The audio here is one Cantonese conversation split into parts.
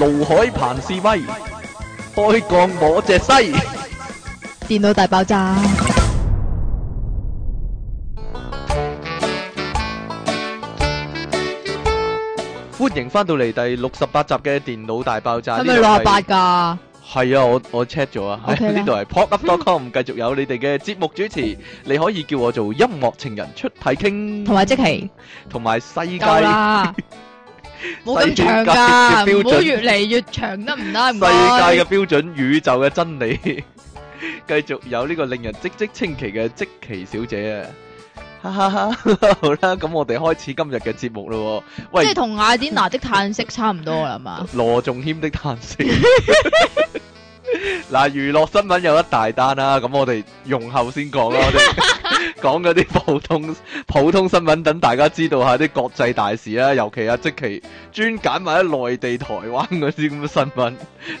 盧海鵬示威，開講我隻西，電腦大爆炸。歡迎翻到嚟第六十八集嘅電腦大爆炸。係咪六八噶？係啊，我我 check 咗啊。呢度係 p o p up d o t c o m 繼續有你哋嘅節目主持。 你可以叫我做音樂情人出體傾，同埋積淇，同埋世界。冇咁長噶，唔好越嚟越長得唔拉唔開。世界嘅標準，宇宙嘅真理，繼 續有呢個令人嘖嘖稱奇嘅積淇小姐啊！哈哈哈，好啦，咁 我哋開始今日嘅節目咯。 喂即係同雅典娜的嘆息差唔多啦嘛。羅仲謙的嘆息。 嗱，娛樂新聞有一大單啦、啊，咁我哋用後先講啦， 我哋講嗰啲普通普通新聞，等大家知道下啲國際大事啦、啊，尤其啊即其專揀埋喺內地、台灣嗰啲咁嘅新聞，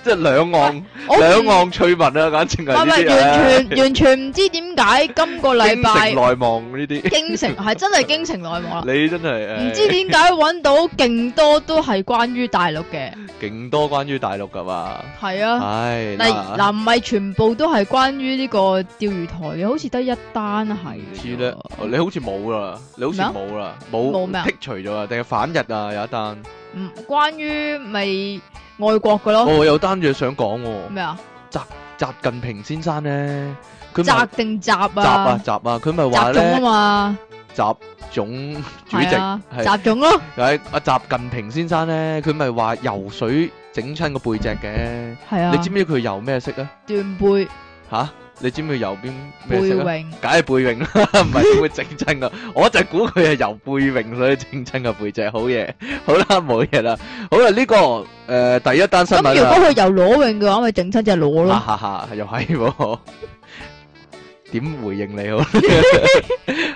即係兩岸兩、啊、岸趣聞啊，簡直係唔係完全 完全唔知點解今個禮拜內望呢啲京城係真係京城內望啦， 你真係唔知點解搵到勁多都係關於大陸嘅，勁多關於大陸噶嘛，係啊，唉。嗱，嗱，唔係全部都係關於呢個釣魚台嘅，好似得一單係。似咧，你好似冇啦，你好似冇啦，冇剔除咗啊，定係反日啊有一單。嗯，關於咪外國㗎咯。我有單嘢想講喎。咩啊？習習近平先生咧，佢習定習啊習啊，習啊，佢咪話咧？習總啊嘛。習總主席。係啊。習總咯。係阿習近平先生咧，佢咪話游水。整親個背脊嘅，你知唔知佢游咩色啊？斷背吓，你知唔知游邊咩色啊？背泳，梗係背泳啦，唔係點會整親噶？我就估佢係游背泳，所以整親個背脊，好嘢。好啦，冇嘢啦。好啦，呢個誒第一單新聞啦。咁如果佢游裸泳嘅話，咪整親隻裸咯。哈哈，又係。點回應你好？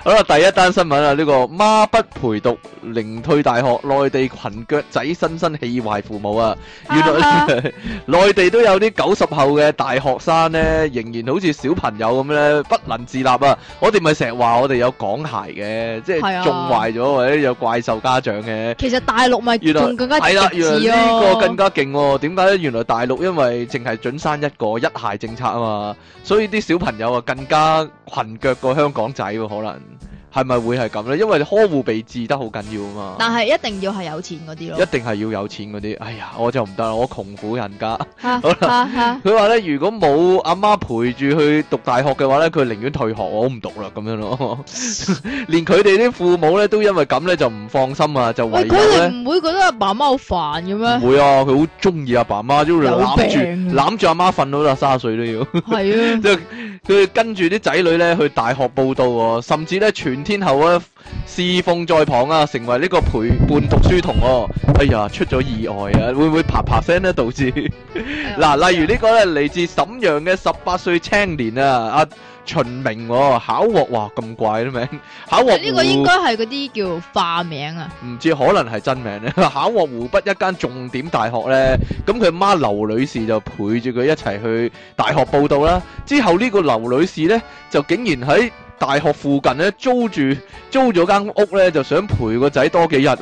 好啦，第一單新聞啊，呢個媽不陪讀，寧退大學，內地裙腳仔新生氣壞父母啊！原來內地都有啲九十後嘅大學生咧，仍然好似小朋友咁咧，不能自立啊！我哋咪成日話我哋有港孩嘅，即係縱壞咗或者有怪獸家長嘅。其實大陸咪仲更加係啦，原來呢個更加勁。點解咧？原來大陸因為淨係準生一個一孩政策啊嘛，所以啲小朋友啊更加。啊，裙腳個香港仔喎，可能。係咪會係咁咧？因為你呵護備至得好緊要啊嘛。但係一定要係有錢嗰啲咯。一定係要有錢嗰啲。哎呀，我就唔得啦，我窮苦人家。哈好啦吧，佢話咧，如果冇阿媽陪住去讀大學嘅話咧，佢寧願退學，我唔讀啦，咁樣咯。 連佢哋啲父母咧都因為咁咧就唔放心啊，就唯有咧。佢哋唔會覺得阿爸媽好煩嘅咩？唔會啊，佢好中意阿爸媽，中意攬住攬住阿媽瞓到啦，卅歲都要。係 啊的，即係佢跟住啲仔女咧去大學報到，甚至咧全。天后啊，侍奉在旁啊，成為呢個陪伴讀書童哦。哎呀，出咗意外啊，會唔會啪啪聲咧導致？嗱，例如呢個咧，嚟自瀋陽嘅十八歲青年啊，阿秦明考獲，哇咁怪啲名，考獲。呢個應該係嗰啲叫化名啊？唔知可能係真名咧。考獲湖北一間重點大學咧，咁佢媽劉女士就陪住佢一齊去大學報到啦。之後呢個劉女士咧，就竟然喺。大學附近咧租住租咗間屋咧，就想陪個仔多幾日，啊。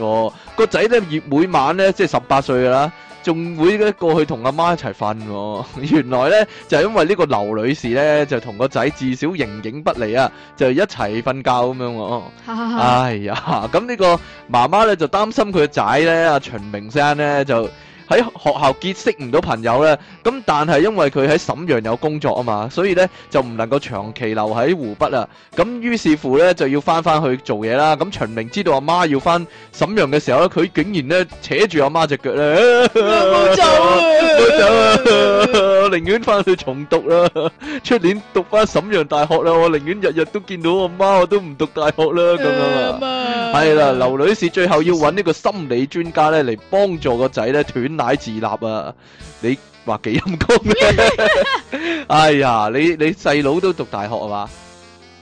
個仔咧，每晚咧即係十八歲噶啦，仲會咧過去同阿媽一齊瞓，啊。原來咧就係、是、因為呢個劉女士咧就同個仔至少形影不離啊，就一齊瞓覺咁、啊、樣。 哎呀，咁呢個媽媽咧就擔心佢個仔咧，阿秦明先生咧就。喺學校結識唔到朋友咧，咁但係因為佢喺沈陽有工作啊嘛，所以咧就唔能夠長期留喺湖北啦。咁於是乎咧就要翻翻去做嘢啦。咁秦明知道阿媽要翻沈陽嘅時候咧，佢竟然咧扯住阿媽隻腳咧，唔好走啊！唔好走啊！我寧願翻去重讀啦，出年讀翻沈陽大學啦。我寧願日日都見到我媽，我都唔讀大學啦。咁樣啊，係啦。劉女士最後要揾呢個心理專家咧嚟幫助個仔咧斷奶自立啊！你話幾陰功？哎呀，你你細佬都讀大學啊嘛？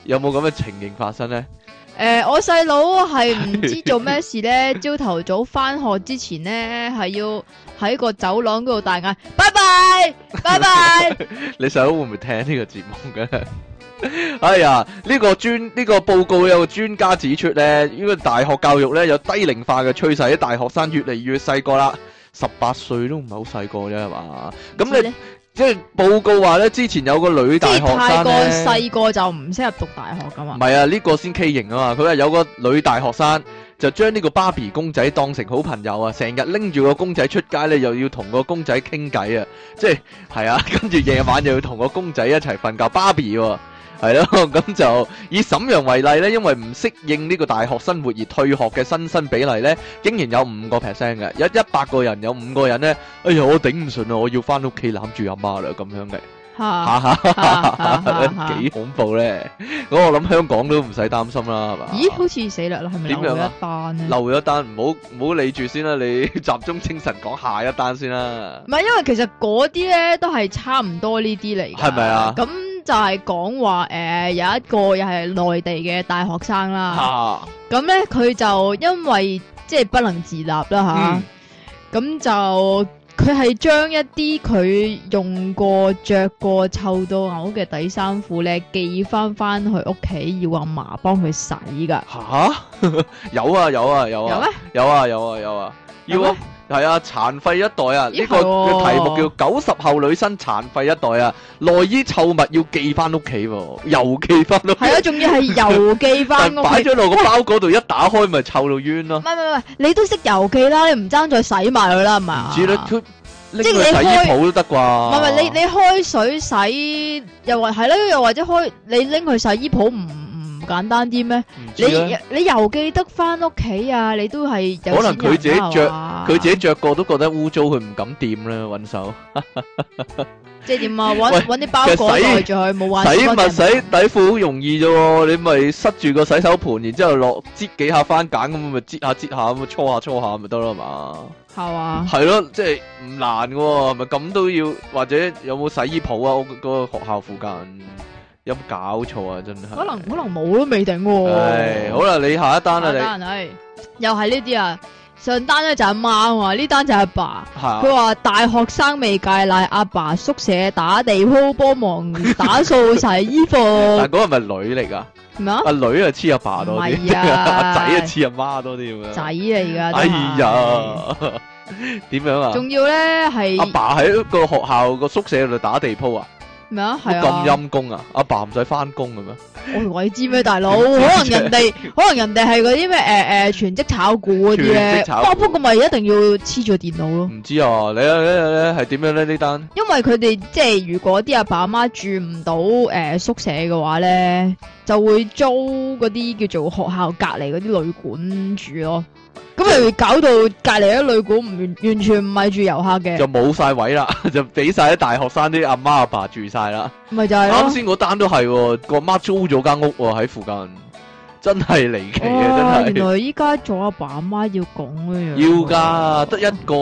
有冇咁嘅情形發生呢？誒、呃，我細佬係唔知做咩事呢。朝頭 早翻學之前呢，係要喺個走廊嗰度大嗌，拜拜， 拜拜！你細佬會唔會聽呢個節目嘅？ 哎呀，呢、呢個專呢、呢個報告有個專家指出呢，呢個大學教育呢，有低齡化嘅趨勢，啲大學生越嚟越細個啦。十八歲都唔係好細個啫，係嘛？咁你即係、就是、報告話咧，之前有個女大學生咧，太過細個就唔適合讀大學㗎嘛。唔係啊，呢、這個先畸形啊嘛，佢話有個女大學生就將呢個芭比公仔當成好朋友啊，成日拎住個公仔出街咧，又要同個公仔傾偈啊，即係係啊，跟住夜晚又要同個公仔一齊瞓覺，芭比喎。係咯，咁就以瀋陽為例咧，因為唔適應呢個大學生活而退學嘅新生比例咧，竟然有五個 percent 嘅，有一百個人有五個人咧，哎呀我頂唔順啦，我要翻屋企攬住阿媽啦，咁樣嘅，吓吓吓吓吓，幾恐怖咧！咁我諗香港都唔使擔心啦，係嘛？咦，好似死啦啦，係咪點樣？留一咗單？留一咗單，唔好唔好理住先啦，你集中精神講下一單先啦。唔係，因為其實嗰啲咧都係差唔多呢啲嚟，係咪啊？咁。就係講話誒，有一個又係內地嘅大學生啦。咁咧、啊，佢就因為即係不能自立啦吓，咁、啊嗯、就佢係將一啲佢用過、着過、臭到嘔嘅底衫褲咧寄翻翻去屋企，要阿嫲幫佢洗噶。吓、啊 啊，有啊，有啊，有啊，有咩嗎、啊？有啊，有啊，有啊，要咩我？係啊，殘廢一代啊！呢、這個嘅題目叫九十後女生殘廢一代啊，啊內衣臭物要寄翻屋企喎，郵寄翻屋企。係啊，仲、啊、 要係郵寄翻。擺咗落個包嗰度，喂一打開咪臭到冤咯、啊。唔係唔係，你都識郵寄啦，你唔爭再洗埋佢啦，係咪啊？即係你洗衣鋪都得啩？唔係唔你開你，你開水洗又或係咧，又或者開你拎去洗衣鋪唔？唔簡單啲咩、啊？你你又記得翻屋企啊？你都係、啊、可能佢自己着，佢吧自己着過都覺得污糟，佢唔敢掂啦，搵手。 即係點啊？搵啲包裹蓋住佢，冇洗物洗底褲好容易啫、啊？你咪塞住個洗手盆，然之後落擠幾下番枧咁，咪擠下擠下咁搓下搓下咪得啦嘛？係吧、就是、啊，係咯，即係唔難噶，咪咁都要，或者有冇洗衣鋪啊？我、個學校附近。有冇搞錯啊！真係可能可能冇都未定、啊。係、哎、好啦，你下一單啦，單你又係呢啲啊？上單咧就阿媽啊，呢單就阿爸。係佢話大學生未戒奶，阿爸，爸宿舍打地鋪，幫忙打掃曬衣服。嗱 嗰個咪女嚟噶？咩啊？阿女爸爸啊，黐阿爸多啲，阿仔啊，黐阿媽多啲咁樣。仔啊，而家哎呀呦，點 樣啊？仲要咧係阿爸喺個學校個宿舍度打地鋪啊？咩啊？係啊！係咁陰公啊！阿爸唔使翻工，咁啊？我話、哎、知咩，大佬？ 可能人哋，可能人哋係嗰啲咩？誒、呃、誒，全職炒股嗰啲咧。全職炒。不過咪一定要黐住電腦咯。唔知啊，你咧咧係點樣咧呢單？因為佢哋即係如果啲阿爸阿媽住唔到誒宿舍嘅話咧，就會租嗰啲叫做學校隔籬嗰啲旅館住咯。咁咪搞到隔籬啲旅館唔完全唔係住遊客嘅，就冇晒位啦， 就俾晒啲大學生啲阿媽阿爸住晒啦。唔係就係啱先嗰單都係個媽租咗間屋喺附近。真係離奇啊！啊真係 是，原來依家做阿爸阿媽要講呢樣，要㗎的，得、嗯、一個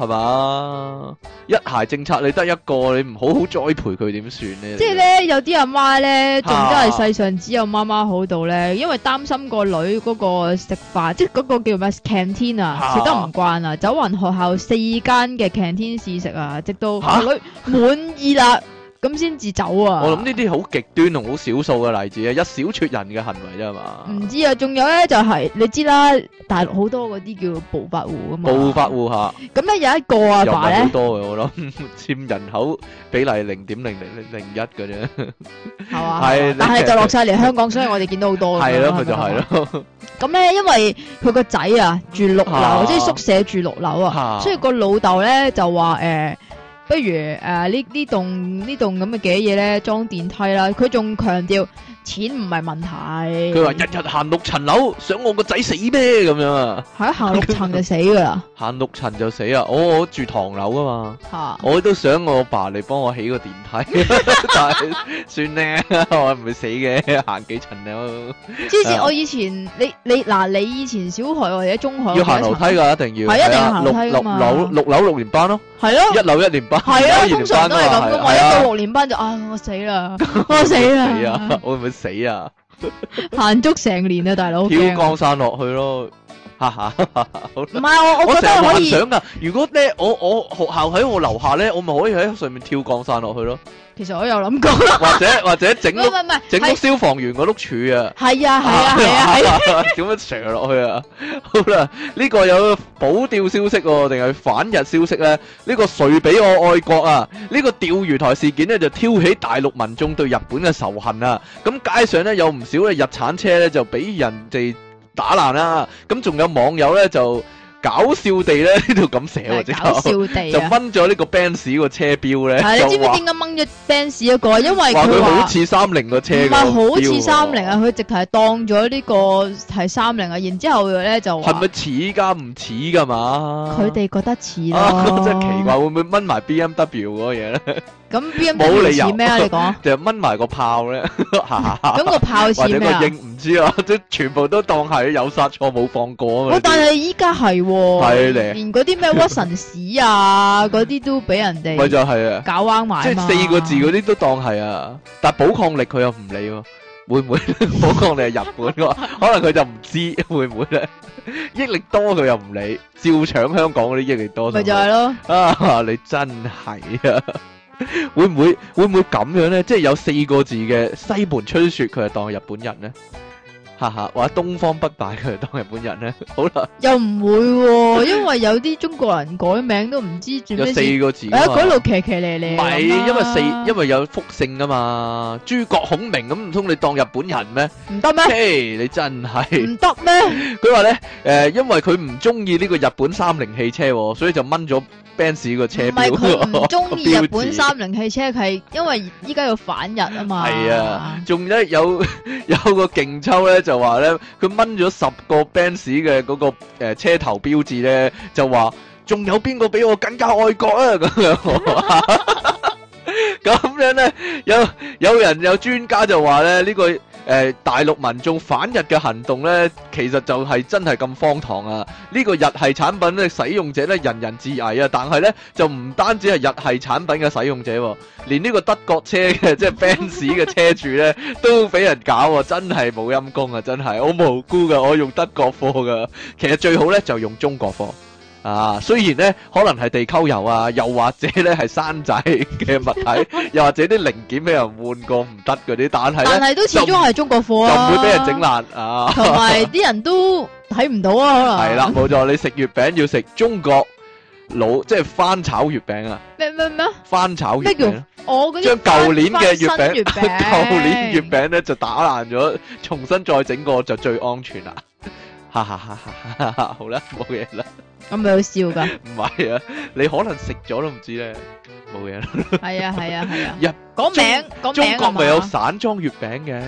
係嘛？ 一孩政策你得一個，你唔好好栽培佢點算咧？即係咧，有啲阿媽咧，仲真係世上只有媽媽好到咧，因為擔心個女嗰個食飯，即係嗰個叫咩 canteen 啊，食得唔慣啊，走勻學校四間嘅 canteen 試食啊，直到個女滿意啦。啊啊咁先至走啊！我諗呢啲好極端同好少數嘅例子啊，一小撮人嘅行為啫嘛。唔知啊，仲有咧就係你知啦，大陸好多嗰啲叫暴發戶啊嘛。暴發戶吓。咁咧有一個阿爸咧。又係好多嘅，我諗占人口比例零點零零零一㗎啫。係嘛。係。但係就落晒嚟香港，所以我哋見到好多。係咯，佢就係咯。咁咧，因為佢個仔啊住六樓，即係宿舍住六樓啊，所以個老豆咧就話誒。不如誒、啊、呢呢棟呢棟咁嘅幾嘢咧裝電梯啦，佢仲強調。錢唔係問題，佢話日日行六層樓，想我個仔死咩咁樣啊？係行六層就死噶啦，行六層就死啊！我住唐樓噶嘛，我都想我爸嚟幫我起個電梯，但係算咧，我唔會死嘅。行幾層樓？之前我以前你你嗱你以前小學或者中學要行樓梯噶，一定要係啊六六樓六樓六年班咯，係咯，一樓一年班，係啊，通常都係咁。我一到六年班就啊，我死啦，我死啦！係啊，我咪。死啊 ！彈足成年啊，大佬跳降傘落去咯，哈 哈吧！唔係我，我覺得可以。想如果呢我我學校喺我樓下咧，我咪可以喺上面跳降傘落去咯。其實我有諗過，或者或者整碌唔係唔係，整碌消防員嗰碌柱啊，係啊係啊係啊，點樣射落去啊？好啦，呢個有保釣消息定係反日消息咧？呢個誰比我愛國啊？呢個釣魚台事件咧就挑起大陸民眾對日本嘅仇恨啊！咁街上咧有唔少嘅日產車咧就俾人哋打爛啦，咁仲有網友咧就。搞笑地咧，呢度咁寫喎，搞笑地 就掹咗呢個 Benz 個車標咧。係，你知唔知點解掹咗 Benz 一個？因為佢話好似三菱個車，唔係好似三菱啊！佢直頭係當咗呢個係三菱啊！然之後咧就係咪似加唔似噶嘛？佢哋覺得似咯、 啊。真奇怪，會唔會掹埋 BMW 嗰啲嘢咧？ 冇理由咩啊？你講，就係掹埋個炮咧，咁個炮似咩？或者個應唔知啊？即全部都當係有殺錯冇放過啊！哇！但係依家係喎，連嗰啲咩屈臣氏啊嗰啲都俾人哋，咪就係啊搞彎埋，即四個字嗰啲都當係啊！但寶礦力佢又唔理喎，會唔會寶礦力係日本嘅？可能佢就唔知會唔會咧？益力多佢又唔理，照搶香港嗰啲益力多，咪就係咯啊！你真係啊！會唔會會唔會咁樣咧？即係有四個字嘅西門吹雪，佢係當日本人咧？哈哈，或者東方不敗佢係當日本人咧？好啦，又唔會，因為有啲中國人改名都唔知做咩先。有四個字，喺嗰度騎騎咧咧。唔係，因為四，因為有複姓啊嘛，諸葛孔明咁，唔通你當日本人咩？唔得咩？嘿，你真係唔得咩？佢話咧，誒，因為佢唔中意呢個日本三菱汽車，所以就掹咗。奔馳個車標，唔係佢唔中意日本三菱汽車，佢係因為依家要反日啊嘛。係啊，仲有有有個勁抽咧，就話咧佢掹咗十個奔馳嘅嗰個誒車頭標誌咧，就話仲有邊個比我更加愛國啊咁樣。咁樣咧，有有人有專家就話咧呢個。誒，大陸民眾反日嘅行動咧，其實就係真係咁荒唐啊！呢個日系產品咧，使用者咧人人自危啊，但係咧就唔單止係日系產品嘅使用者，連呢個德國車嘅即係 Benz 嘅車主咧，都俾人搞啊！真係冇陰功啊！真係好無辜噶，我用德國貨噶，其實最好咧就用中國貨。啊，雖然咧可能係地溝油啊，又或者咧係山寨嘅物體， 又或者啲零件俾人換過唔得嗰啲，但係咧，但係都始終係不中國貨啊，就唔會俾人整爛啊，同埋啲人都睇唔到啊，可能係啦， 冇錯，你食月餅要食中國老，即係翻炒月餅啊，咩咩咩，翻炒咩？叫我將舊年嘅月餅，舊 年月餅咧就打爛咗，重新再整個就最安全啦。 哈哈哈！哈哈好啦，冇嘢啦。咁咪好笑噶。唔係啊，你可能食咗都唔知咧。冇嘢啦。係啊係啊係啊。入嗰名，中國咪有散裝月餅嘅。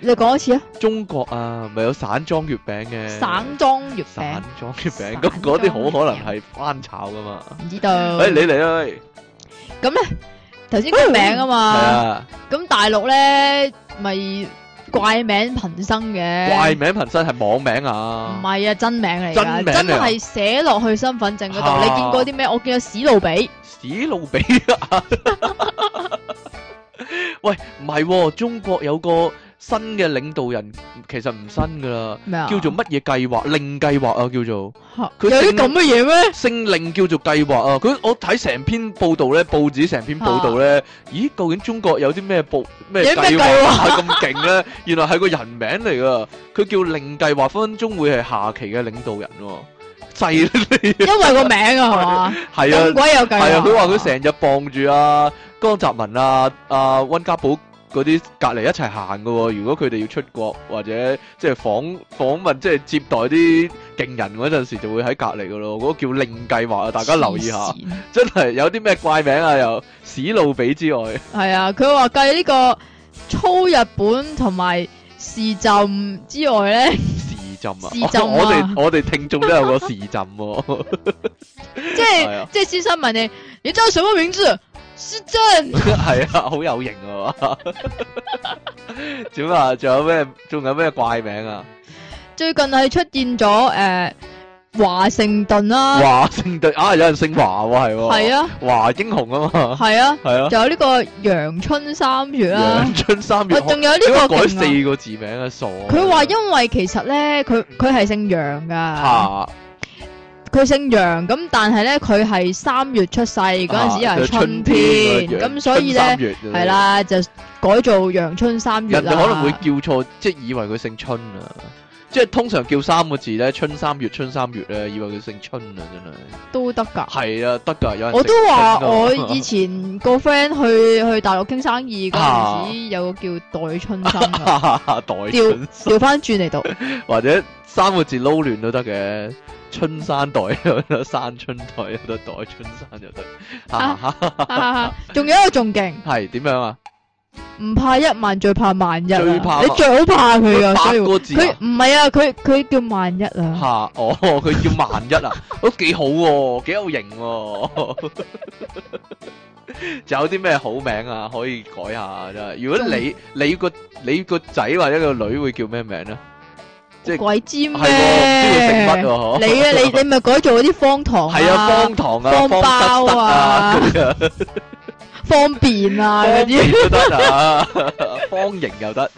你講一次啊。中國啊，咪有散裝月餅嘅。散裝月餅。散裝月餅。咁嗰啲好可能係翻炒噶嘛。唔知道。哎，你嚟啊！咁咧，頭先個名啊嘛。係啊。咁大陸咧，咪。怪名貧生嘅，怪名貧生係網名啊，唔係啊，真名嚟嘅，真係真名寫落去身份證嗰度。啊、你見過啲咩？我見到史路比，史路比啊！ 喂，唔係、啊、中國有個新嘅領導人其實唔新噶啦，叫做乜嘢計劃？令計劃啊，叫做有啲咁乜嘢咩？姓令叫做計劃啊！佢我睇成篇報道咧，報紙成篇報道咧，咦？究竟中國有啲咩報咩計劃係咁勁咧？原來係個人名嚟噶，佢叫令計劃，分分鐘會係下期嘅領導人喎，制！因為個名啊，係嘛？係啊，咁鬼有計劃啊！佢話佢成日傍住阿江澤民啊，阿温家寶。嗰啲隔離一齊行嘅喎、哦，如果佢哋要出國或者即係訪訪問，即係接待啲勁人嗰陣時，就會喺隔離嘅咯。嗰、那個叫另計劃啊，大家留意下，真係有啲咩怪名啊，又史路比之外，係啊，佢話計呢個粗日本同埋時浸之外咧，時浸啊， 浸啊，我哋我哋聽眾都有個時浸喎。 即係先生問你，你真係想乜？名字？係啊， 好有型啊！點 啊？仲有咩？仲有咩怪名啊？最近係出現咗誒華盛頓啊。華盛頓啊，有人姓華喎，係喎，係啊，華、啊、英雄啊嘛，係啊，係啊，仲有呢個陽春三月啦、啊，春三月，仲、啊、有呢個、啊、改四個字名啊，傻！佢話因為其實咧，佢佢係姓楊噶。啊佢姓楊咁，但係咧佢係三月出世嗰陣時又係春天，咁所以咧係啦就改做楊春三月啦。人哋可能會叫錯，即係以為佢姓春啊，即係通常叫三個字咧春三月春三月咧，以為佢姓春啊，真係都得噶。係啊，得噶。有我都話我以前個 friend 去去大陸傾生意嗰陣、啊、時，有個叫代春三啊，調調翻轉嚟讀， 或者三個字撈亂都得嘅。春山袋，有得山春袋，有得袋春山，有得啊！仲有一個仲勁，係點樣啊？唔怕一萬，最怕萬一。最怕你最好怕佢啊！八個字，佢唔係啊，佢佢叫萬一啊。吓哦，佢叫萬一啊，都幾好喎，幾有型喎。仲有啲咩好名啊？可以改下真係。如果你你個你個仔或者個女會叫咩名咧？即係鬼尖咩？需要食物喎， 你啊，你你咪改做嗰啲方糖啊，係 啊，方糖啊，方包啊， 方便啊啲，得方形又得。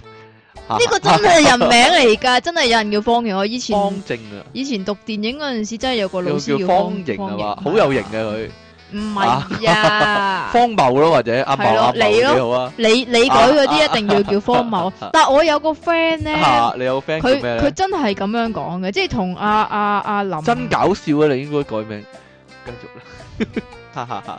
呢 個真係人名嚟噶， 真係有人叫方形。我以前方正啊，以前讀電影嗰陣時真係有個老師個叫方形，方形啊方形嘛，好有型嘅佢。唔係呀，方謬咯，或者阿伯阿伯幾好啊，你你改嗰啲一定要叫方謬。但係我有個 friend 咧，你有個 friend 咧，佢佢真係咁樣講嘅，即係同阿阿阿林，真搞笑啊！你應該改名，繼續啦，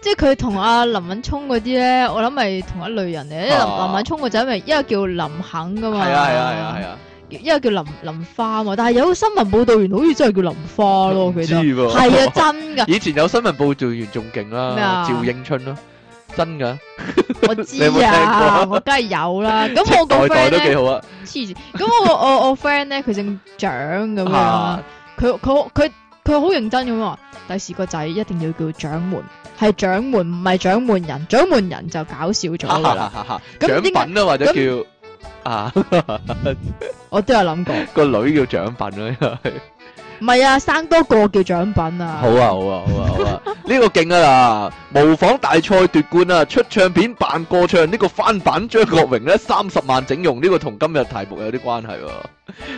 即係佢同阿林敏聰嗰啲咧，我諗咪同一類人嚟，因為林林敏聰個仔咪一個叫林肯噶嘛，係啊係啊係啊。因為叫林林花嘛，但係有個新聞報道員好似真係叫林花咯，佢記得係啊，真噶。以前有新聞報道員仲勁啦，咩、啊？趙應春咯，啊，真噶。 我知啊， 有有啊，我梗係有啦，啊。咁我個 friend 咧，代代都幾好啊。黐住。咁我我我 friend 咧，佢姓蔣咁樣。佢佢佢佢好認真咁話，第四個仔一定要叫蔣門，係蔣門唔係蔣門人，蔣門人就搞笑咗啦。獎品啊，或者叫。啊啊！ 我都有諗過， 個女叫獎品啊，又係唔係啊？生多個叫獎品啊！好啊，好啊，好啊！好啊，呢 個勁啊啦，模仿大賽奪冠啊，出唱片扮過唱、呢個、呢個翻版張國榮咧，三十萬整容呢、呢個同今日題目有啲關係喎、啊。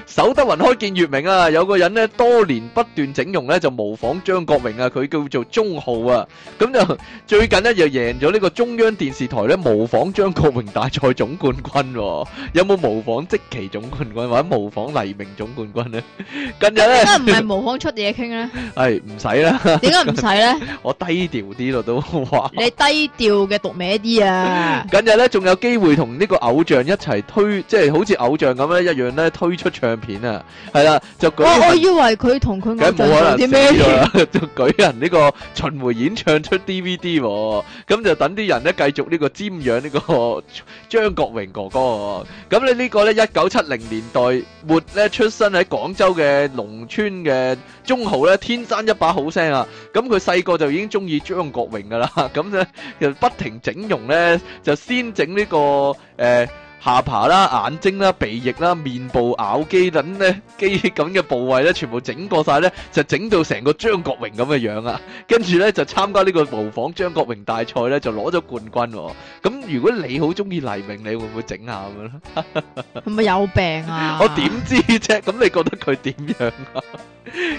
守得雲開見月明啊！有個人咧，多年不斷整容咧，就模仿張國榮啊，佢叫做鍾浩啊。咁就最近咧，又贏咗呢個中央電視台咧模仿張國榮大賽總冠軍。有冇模仿積淇總冠軍或者模仿黎明總冠軍咧？近日咧，點解唔係模仿出體 King 咧？係唔使啦？點解唔使咧？我低調啲咯，都哇！你低調嘅獨咩啲啊？近日咧仲有機會同呢個偶像一齊推，即係好似偶像咁樣一樣咧推出唱片啊，係啦，就舉我我以為佢同佢冇可能，就舉人呢個巡回演唱出 DVD，咁就等啲人咧繼續呢個瞻仰呢個張國榮哥哥。咁咧呢個咧一九七零年代末咧出生喺廣州嘅農村嘅鍾豪咧，天生一把好聲啊！咁佢細個就已經中意張國榮噶啦，咁咧就不停整容咧，就先整呢個誒。下巴啦、眼睛啦、鼻翼啦、面部咬肌等咧、肌肉咁嘅部位咧，全部整過晒咧，就整到成個張國榮咁嘅樣啊！跟住咧就參加呢個模仿張國榮大賽咧，就攞咗冠軍。咁如果你好中意黎明，你會唔會整下咁樣咧？係咪有病啊？我點知啫？咁你覺得佢點樣啊？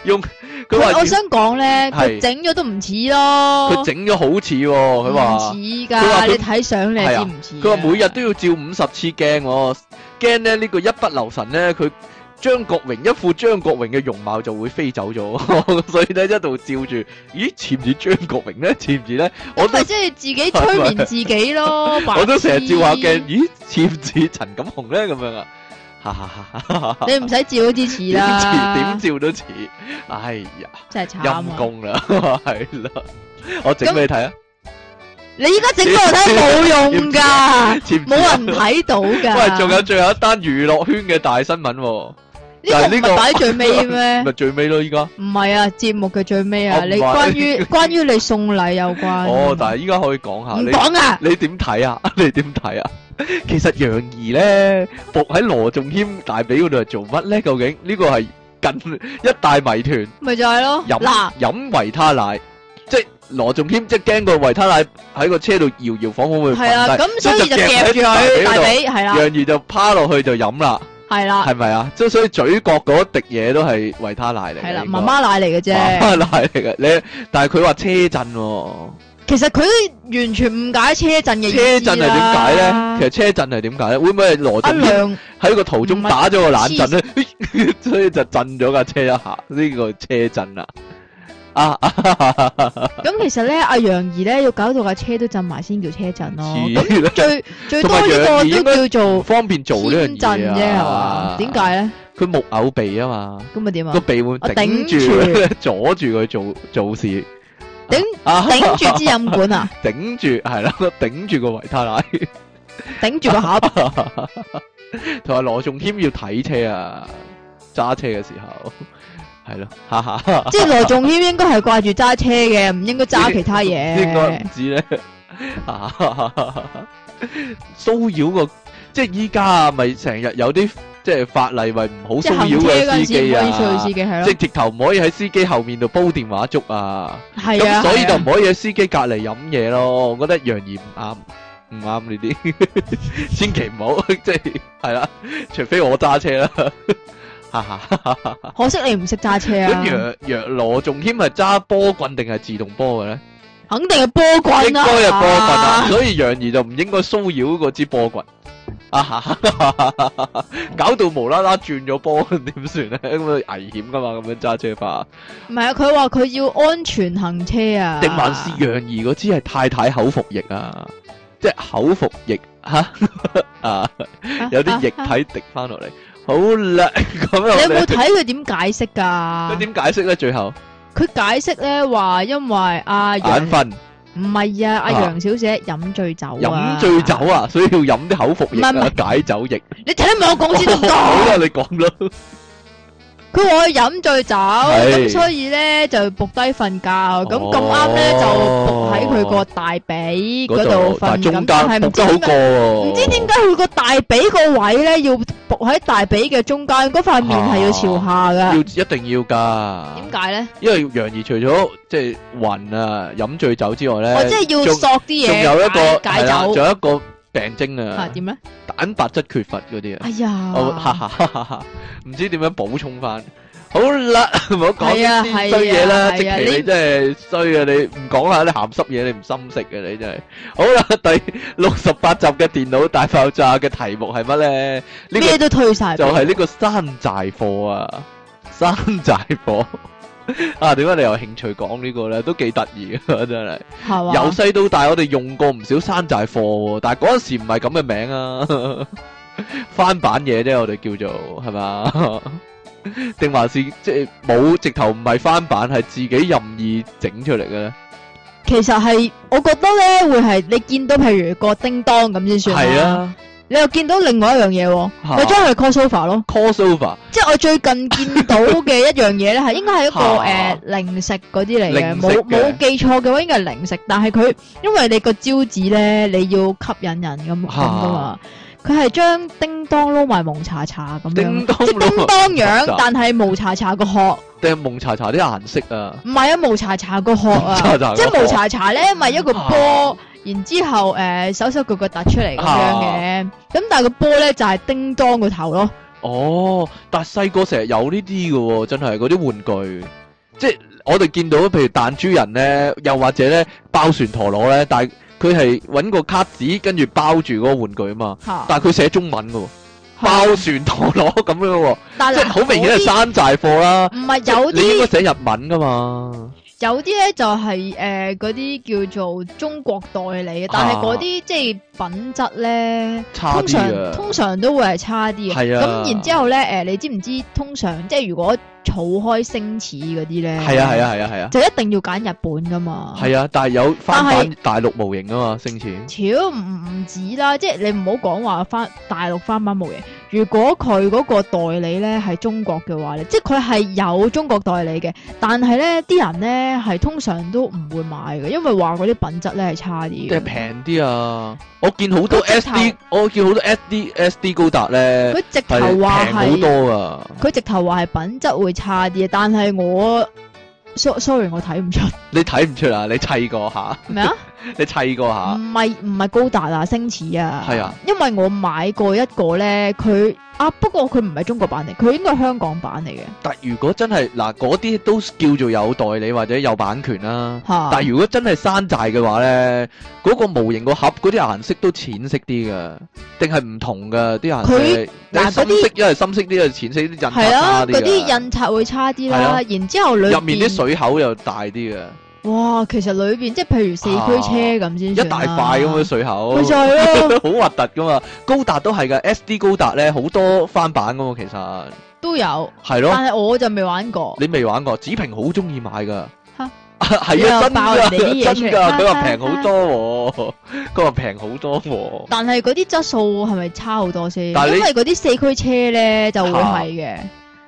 用佢話，我想講咧，佢整咗都唔似咯。佢整咗好似喎，佢話唔似噶。佢話你睇相你知唔似？佢話每日都要照五十次。驚我驚咧呢，這個一不留神咧，佢張國榮一副張國榮嘅容貌就會飛走咗， 所以咧一度照住咦似唔似張國榮咧，似唔似咧？像像呢不我係即係自己催眠自己咯， 痴我都成日照下鏡咦似唔似陳錦鴻咧咁樣啊？像像 你唔使照，照都似啦，點照都似，哎呀真係陰、啊、功啦，係 啦，我整俾你睇啊！你依家整俾人睇冇用噶，冇人唔睇到噶。喂，仲有最後一單娛樂圈嘅大新聞，呢個唔喺最尾咩？咪最尾咯，依家。唔係啊，節目嘅最尾啊，你關於關於你送禮有關。哦，但係依家可以講下。你講啊！你點睇啊？你點睇啊？其實楊怡咧，伏喺羅仲謙大髀嗰度係做乜咧？究竟呢個係近一大謎團。咪就係咯，嗱，飲維他奶，即係。羅仲謙即係驚個維他奶喺個車度搖搖晃晃，去，係啦，咁所以就夾住佢大髀，係啦，楊怡就趴落去就飲啦，係啦，係咪啊？即係所以嘴角嗰滴嘢都係維他奶嚟，係啦，媽媽奶嚟嘅啫，媽媽奶嚟嘅。你但係佢話車震，其實佢完全唔解車震嘅意思啦。車震係點解咧？其實車震係點解咧？會唔會係羅仲謙喺個途中打咗個冷震咧？所以就震咗架車一下，呢個車震啊！啊，咁、 嗯、其實咧，阿楊怡咧要搞到架車都震埋先叫車震咯。像最有最多呢個都叫做方便做呢個震啫，係嘛？點解咧？佢、啊、木偶鼻啊嘛，咁咪點啊？個鼻會頂住，阻住佢 做做事。頂頂住支飲管啊？頂 住係啦，頂住個維他奶，頂 住個下巴。同埋羅仲謙要睇車啊，揸車嘅時候。係咯，即係羅仲謙應該係掛住揸車嘅，唔應該揸其他嘢。應該唔知咧，啊！騷擾個即係依家啊，咪成日有啲即係法例咪唔好騷擾嘅司機啊，即係直頭唔可以喺司機後面度煲電話粥啊。係啊，咁所以就唔可以喺司機隔籬飲嘢咯。我覺得楊怡唔啱，唔啱呢啲，千祈唔好，即係係啦，除非我揸車啦。哈哈， 可惜你唔識揸車啊！楊楊羅仲謙係揸波棍定係自動波嘅咧？肯定係波棍啦，啊，應該係波棍，啊！所以楊怡就唔應該騷擾嗰支波棍。啊哈，搞到無啦啦轉咗波，點算咧？咁樣危險噶嘛，咁樣揸車吧。唔係啊，佢話佢要安全行車啊。定還是楊怡嗰支係太太口服液啊？即係口服液吓 啊， 有啲液體滴翻落嚟。啊啊啊啊好啦，咁樣你有冇睇佢點解釋噶？佢點解釋咧？最後佢解釋咧話，因為阿楊唔係啊，阿楊小姐飲醉酒，飲醉酒啊，所以要飲啲口服液啊，解酒液。你聽我講先得，好啦，你講啦。佢話我飲醉酒，咁所以咧就伏低瞓覺，咁咁啱咧就伏喺佢個大髀嗰度瞓。咁係唔知點解，唔知點解佢個大髀個位咧要伏喺大髀嘅中間，嗰塊面係要朝下噶。要一定要噶。點解咧？因為楊怡除咗即係暈啊、飲醉酒之外咧，我即係要索啲嘢，仲有一個解酒，仲有一個。病徵啊？點咧？蛋白質缺乏嗰啲啊？哎呀，唔知點樣補充翻。好啦，唔好講呢啲衰嘢啦。積淇你真係衰啊！你唔講下啲鹹濕嘢，你唔心食嘅你真係。好啦，第六十八集嘅電腦大爆炸嘅題目係乜咧？呢啲都推晒，就係呢個山寨貨啊！山寨貨。啊，點解你有興趣講呢個咧？都幾得意啊，真係！由細吧到大，我哋用過唔少山寨貨，但係嗰陣時唔係咁嘅名啊， 翻版嘢啫，我哋叫做係嘛？定 還是即係冇直頭唔係翻版，係自己任意整出嚟嘅咧？其實係，我覺得咧會係你見到，譬如個叮噹咁先算係啊。你又見到另外一樣嘢喎？佢將佢 crossover 咯，crossover，即係我最近見到嘅一樣嘢咧，係應該係一個誒零食嗰啲嚟嘅，冇冇記錯嘅話應該係零食，但係佢因為你個招紙咧，你要吸引人咁樣㗎嘛，佢係將叮當撈埋蒙查查咁樣，即係叮當樣，但係蒙查查個殼定係蒙查查啲顏色啊？唔係啊，蒙查查個殼啊，即係蒙查查咧咪一個波。然之後，誒、呃、手手腳腳突出嚟咁樣嘅，咁、啊、但係個波咧就係、是、叮當個頭咯。哦！但係細個成日有呢啲嘅喎，真係嗰啲玩具，即係我哋見到譬如彈珠人咧，又或者咧爆旋陀螺咧，但係佢係揾個卡紙跟住包住嗰個玩具啊嘛。但係佢寫中文嘅，爆旋陀螺咁樣喎，但是 即係好明顯係山寨貨啦。唔係有啲，你應該寫日文噶嘛。有啲咧就係，誒、嗰啲叫做中國代理嘅，但係嗰啲即係品質咧，通常通常都會係差啲嘅。咁係、啊、然之後咧，誒、呃、你知唔知通常即係如果？儲開星矢嗰啲咧，係啊，係啊，係啊，係啊，啊啊啊就一定要揀日本噶嘛。係啊，但係有翻版是大陸模型噶嘛星矢。超唔止啦，即係你唔好講話翻大陸翻版模型。如果佢嗰個代理咧係中國嘅話咧，即係佢係有中國代理嘅，但係咧啲人咧係通常都唔會買嘅，因為話嗰啲品質咧係差啲。即係平啲啊！我見好多 SD，我見好多 SD、SD 高達咧。佢直頭話係，平好多噶。佢直頭話係品質會差啲，但係我，sorry，我睇唔出。你睇唔出啊？你砌過下？咩啊？你砌過嚇？唔係唔係高達啊，星矢啊，係啊。因為我買過一個咧，佢啊不過佢唔係中國版嚟，佢應該係香港版嚟嘅。但如果真係嗱，嗰、啊、啲都叫做有代理或者有版權啦、啊。啊、但係如果真係山寨嘅話咧，嗰、嗰個模型個盒嗰啲顏色都淺色啲嘅，定係唔同嘅啲顏色。佢但係嗰啲，一係深色啲，些深色一係淺色啲，印差啲嘅。係啊，嗰啲印刷會差啲啦。啊、然之後裏入面啲水口又大啲嘅。哇，其實裏邊即係譬如四驅車咁先，一大塊咁嘅水口，好核突噶嘛！高達都係噶，SD 高達咧好多翻版噶嘛，其實都有，係咯，但係我就未玩過。你未玩過？子平好中意買噶，吓係啊，真噶，真噶，佢話平好多，佢話平好多，但係嗰啲質素係咪差好多先？因為嗰啲四驅車咧就會係嘅，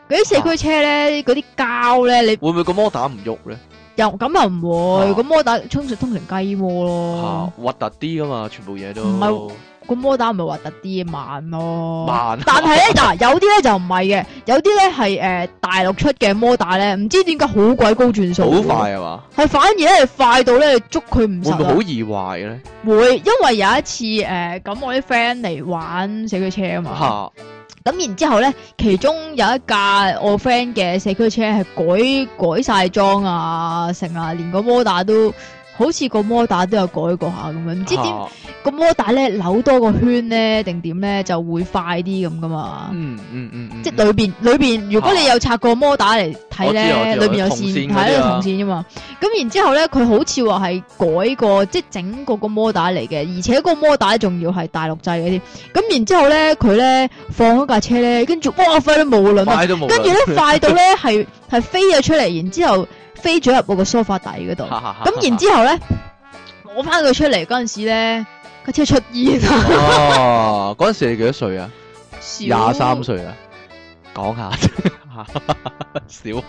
嗰啲四驅車咧嗰啲膠咧，你會唔會個摩打唔喐咧？又咁又唔會，個魔打充血，通常雞魔咯，核突啲噶嘛，全部嘢都唔係個魔打唔係核突啲慢咯，慢、啊。但係咧嗱，有啲咧就唔係嘅，有啲咧係誒大陸出嘅魔打咧，唔知點解好鬼高轉數，好快係、啊、嘛？係反而咧快到咧捉佢唔實，會唔會好易壞咧？會，因為有一次誒咁、呃、我啲 friend 嚟玩死佢車啊嘛。啊。咁然之後咧，其中有一架我 friend 嘅四驅車係改改晒裝啊，成啊，連個摩打都。好似個摩打都有改過下咁樣，唔知點個摩打咧扭多個圈咧定點咧就會快啲咁噶嘛？嗯嗯嗯，嗯嗯嗯即係裏邊裏邊，如果你有拆過摩打嚟睇咧，啊、裏邊有線係一個銅線啫嘛、啊。咁、嗯、然之後咧，佢好似話係改過，即係整個個摩打嚟嘅，而且個摩打仲要係大陸製嘅添。咁、嗯、然之後咧，佢咧放一架車咧，跟住哇、啊，飛都冇輪，跟住咧快到咧係係飛咗出嚟，然之後。飛咗入我個梳化底嗰度，咁 然之後咧，攞翻佢出嚟嗰陣時咧，佢即係出煙。嗰陣時你幾多歲啊？廿三歲啊？講下， 小學，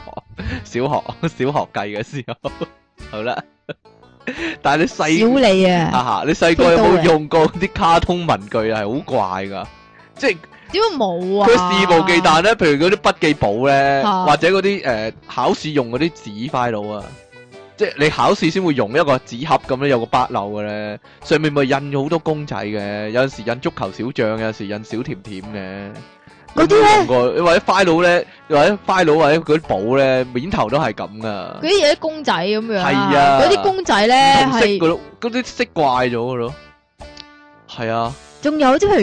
小學，小學計嘅時候， 好啦吧。 但係你細，小你啊， 你細個有冇用過啲卡通文具啊？係好怪㗎，即係。點冇啊！佢肆無忌憚咧，譬如嗰啲筆記簿咧，或者嗰啲誒考試用嗰啲紙 file 啊，即係你考試先會用一個紙盒咁樣，有個筆漏嘅咧，上面咪印咗好多公仔嘅，有陣時印足球小將，有陣時印小甜甜嘅。嗰啲咧，或者 file 咧，或者 file 或者嗰啲簿咧，面頭都係咁噶。嗰啲嘢，啲公仔咁樣，係啊，嗰啲公仔咧，係，咁啲色怪咗噶咯，係啊。仲有即係譬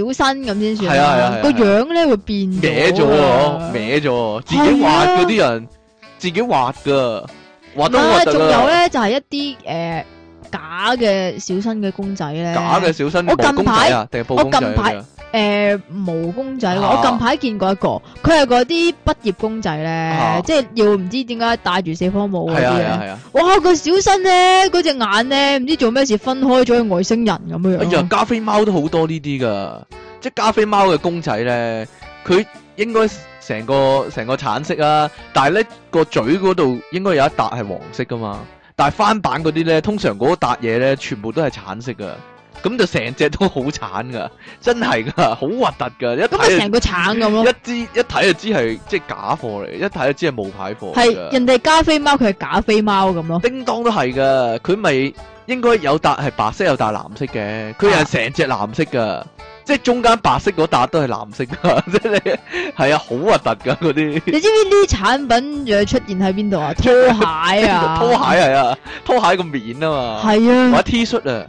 如誒小新咁先算，係啊係啊，個樣咧會變歪咗喎，歪咗，自己畫嗰啲人，自己畫㗎，啊，仲有咧就係一啲誒假嘅小新嘅公仔咧，假嘅小新嘅公仔啊，定係布公仔啊。誒、呃，毛公仔、啊、我近排見過一個，佢係嗰啲畢業公仔咧，啊、即係要唔知點解戴住四方帽啊，係啊，啊哇，個小身咧，嗰隻眼咧，唔知做咩事分開咗，外星人咁樣。哎呀，加菲貓都好多呢啲噶，即係加菲貓嘅公仔咧，佢應該成個成個橙色啊，但係咧個嘴嗰度應該有一笪係黃色噶嘛，但係翻版嗰啲咧，通常嗰笪嘢咧全部都係橙色噶。咁就成隻都好橙噶，真係噶，好核突噶！一咁咪成個橙咁、 就是、咯，一支一睇就知係即係假貨嚟，一睇就知係冒牌貨。係人哋加菲貓，佢係假菲貓咁咯。叮當都係噶，佢咪應該有笪係白色，有笪藍色嘅，佢又係成隻藍色噶，啊、即係中間白色嗰笪都係藍色噶，即係係啊，好核突噶嗰啲。你知唔知呢啲產品又出現喺邊度啊？拖鞋啊， 拖鞋係啊，拖鞋個面啊嘛，係 啊，或者 T 恤啊。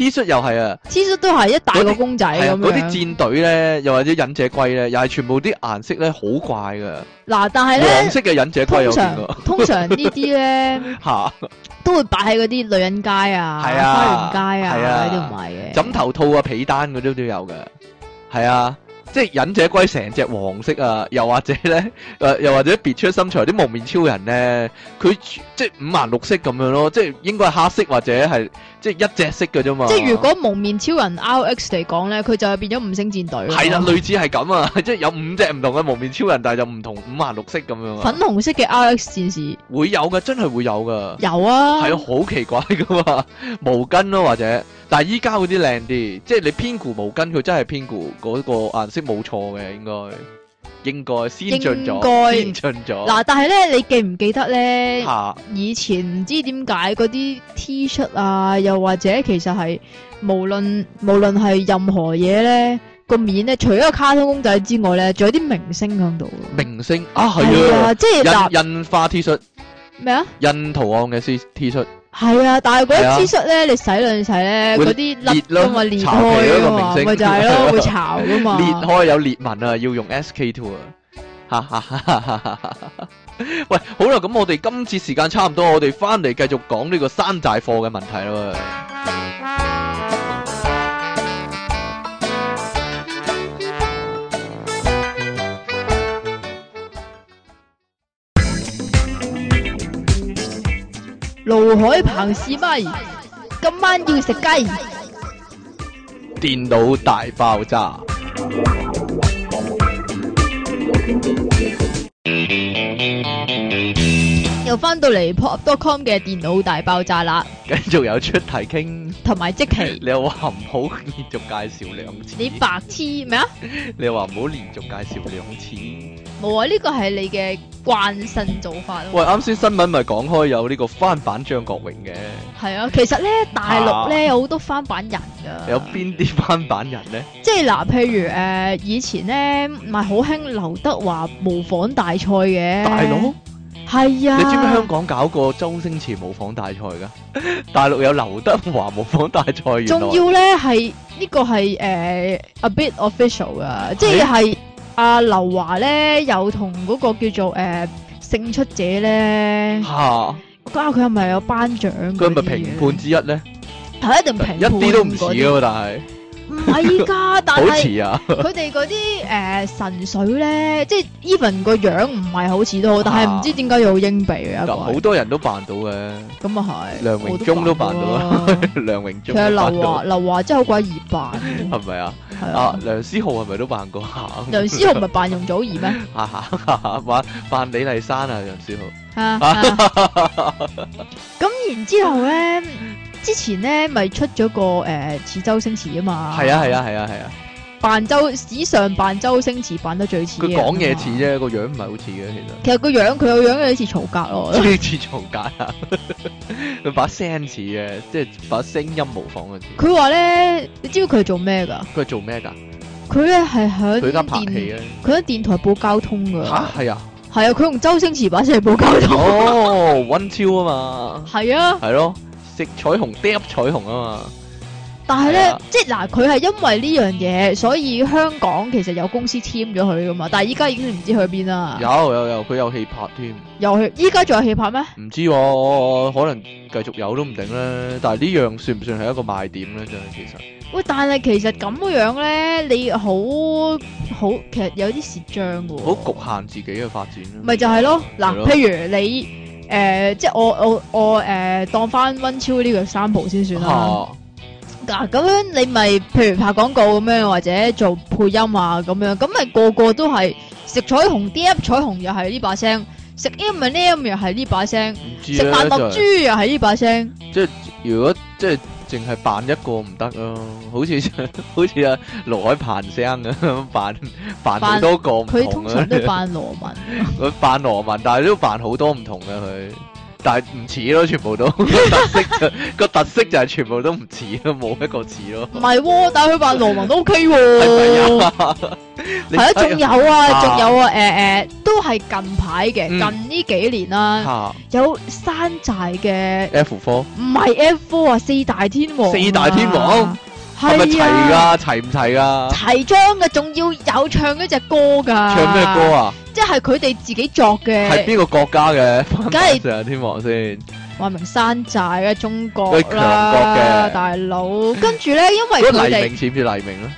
T 恤又係啊，T 恤都係一大個公仔咁樣。嗰啲戰隊咧，又或者忍者龜咧，又係全部啲顏色咧好怪噶。嗱，但係咧，色嘅忍者龜通常通常呢啲咧吓都會擺喺嗰啲女人街啊花園街啊嗰啲唔係嘅枕頭套啊被單嗰啲都都有噶，係啊。即係忍者龜成隻黃色啊，又或者咧，誒、呃，又或者別出心裁啲蒙面超人咧，佢即係五顏六色咁樣咯，即係應該係黑色或者係即係一隻色嘅啫嘛。即係如果蒙面超人 RX 嚟講咧，佢就變咗五星戰隊咯。係啊，類似係咁啊，即係有五隻唔同嘅蒙面超人，但係就唔同五顏六色咁樣，啊、粉紅色嘅 RX 戰士會有噶，真係會有噶。有啊。係啊，好奇怪噶嘛，毛巾咯或者。但係依家嗰啲靚啲，即係你編織毛巾佢真係編織嗰個顏色冇錯嘅，應該應該先進咗，應該先進咗。嗱、啊，但係咧，你記唔記得咧？啊、以前唔知點解嗰啲 T 恤啊，又或者其實係無論無論係任何嘢咧，個面咧除咗個卡通公仔之外咧，仲有啲明星響度。明星啊，係啊，即係印印花 T 恤咩啊？印圖案嘅 T 恤。係啊，但係嗰啲 T 恤咧，啊、你洗兩洗咧，嗰啲裂咯，咪裂開喎，咪就係咯，會巢噶嘛。裂開有裂紋啊，要用 SK2 啊。哈哈哈！喂，好啦，咁我哋今次時間差唔多，我哋翻嚟繼續講呢個山寨貨嘅問題啦。盧海鵬試咪？今晚要食雞？電腦大爆炸。又翻到嚟 pop.com 嘅電腦大爆炸啦。繼續有出體 king，同埋積淇。 你又話唔好連續介紹兩次？你白痴咩啊？ 你又話唔好連續介紹兩次？冇啊！呢個係你嘅慣性做法咯。喂，啱先新聞咪講開有呢個翻版張國榮嘅。係啊，其實咧大陸咧、啊、有好多翻版人㗎。有邊啲翻版人咧？即係嗱，譬如誒、呃、以前咧唔係好興劉德華模仿大賽嘅。大佬陸？係啊。你知唔知香港搞過周星馳模仿大賽㗎？ 大陸有劉德華模仿大賽，仲要咧係呢、呢個係誒、呃、a bit official 㗎，即係、啊。阿劉華咧，又同嗰個叫做誒、呃、勝出者咧吓，家下佢係咪有頒獎？佢係咪評判之一咧？係一定評判，一啲都唔似噶，但係唔係家，但係 好似啊！佢哋嗰啲誒神水咧，即係 even 個樣唔係好似都，好，啊、但係唔知點解有英鼻嘅好多人都扮到嘅，咁啊係梁榮忠都扮到啊！梁榮忠其實劉華劉華真係好鬼易扮，係咪啊？啊，梁思浩係咪都扮過？ 梁思浩唔係扮容祖兒咩？下下 扮扮李麗珊啊，梁思浩。啊咁然之後咧，之前咧咪出咗個誒、呃、似周星馳啊嘛？係啊係啊係啊係啊！扮周史上扮周星馳扮得最似，佢講嘢似啫，個樣唔係好似嘅其實。其實個樣佢個樣有啲似曹格咯。似曹格啊！佢 把聲似嘅，即係把聲音模仿嗰啲。佢話咧，你知唔知佢係做咩噶？佢係做咩噶？佢咧係響佢喺電台報交通噶。吓，係啊，係 啊！佢同周星馳把聲係報交通。哦，溫超啊嘛。係啊。係 咯，食彩虹 d 彩虹啊嘛。但係咧，啊、即係嗱，佢係因為呢樣嘢，所以香港其實有公司簽咗佢噶嘛。但係依家已經唔知去邊啦。有有有，佢有戲拍添。有戲，依家仲有戲拍咩？唔知，哦我，可能繼續有都唔定咧。但係呢樣算唔算係一個賣點咧？就係其實。喂、欸，但係其實咁嘅樣咧，你好好，其實有啲蝕仗噶。好局限自己嘅發展咪、啊、就係咯，嗱，的譬如你誒，呃，即係我我我誒，呃，當翻溫超呢個 sample 先算啦。啊嗱咁、啊、樣你咪譬如拍廣告咁樣，或者做配音啊咁樣，咁咪個個都係食彩虹，啲彩虹又係呢把聲，食 M 咪 M 又係呢把聲，啊、食飯讀豬又係呢把聲。即係、就係、如果即係淨係扮一個唔得咯，好似 好似阿羅海鵬聲咁，扮扮多扮個唔同啊。佢通常都扮羅文、啊，佢 扮羅文，但係都扮好多唔同嘅、啊、佢。但係唔似咯，全部都個特色就個 特色就係全部都唔似咯，冇一個似咯。唔係喎，但係佢話羅文都 OK 喎、啊，係咯、啊，仲 不是 有啊，仲有啊，誒、呃、誒，都係近排嘅，近呢幾年啦、啊，嗯啊、有山寨嘅 F four，唔係 F four 啊，四大天王、啊，四大天王。係咪齊啊？齊唔齊啊？齊章嘅，仲要有唱一隻歌噶。唱咩歌啊？即係佢哋自己作嘅。係邊個國家嘅？梗係成日天王先。話明山寨啦，中國強國嘅大佬哥。 跟住咧，因為黎明似唔似黎明啊？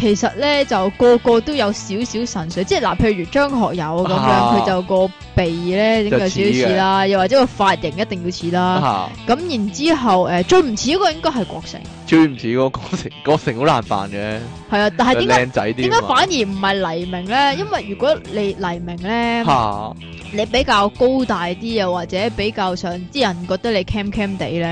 其實咧就個個都有少少神似。即係嗱，譬如張學友咁樣，佢、啊、就個鼻咧應該少少似啦，又或者個髮型一定要似啦，咁、啊、然之後誒、呃，最唔似嗰個應該係郭成，最唔似嗰個郭成，郭成好難扮嘅，係啊，但係點解靚仔啲點解反而唔係黎明咧？因為如果你黎明咧，啊、你比較高大啲，又或者比較上啲人覺得你 cam cam 地咧。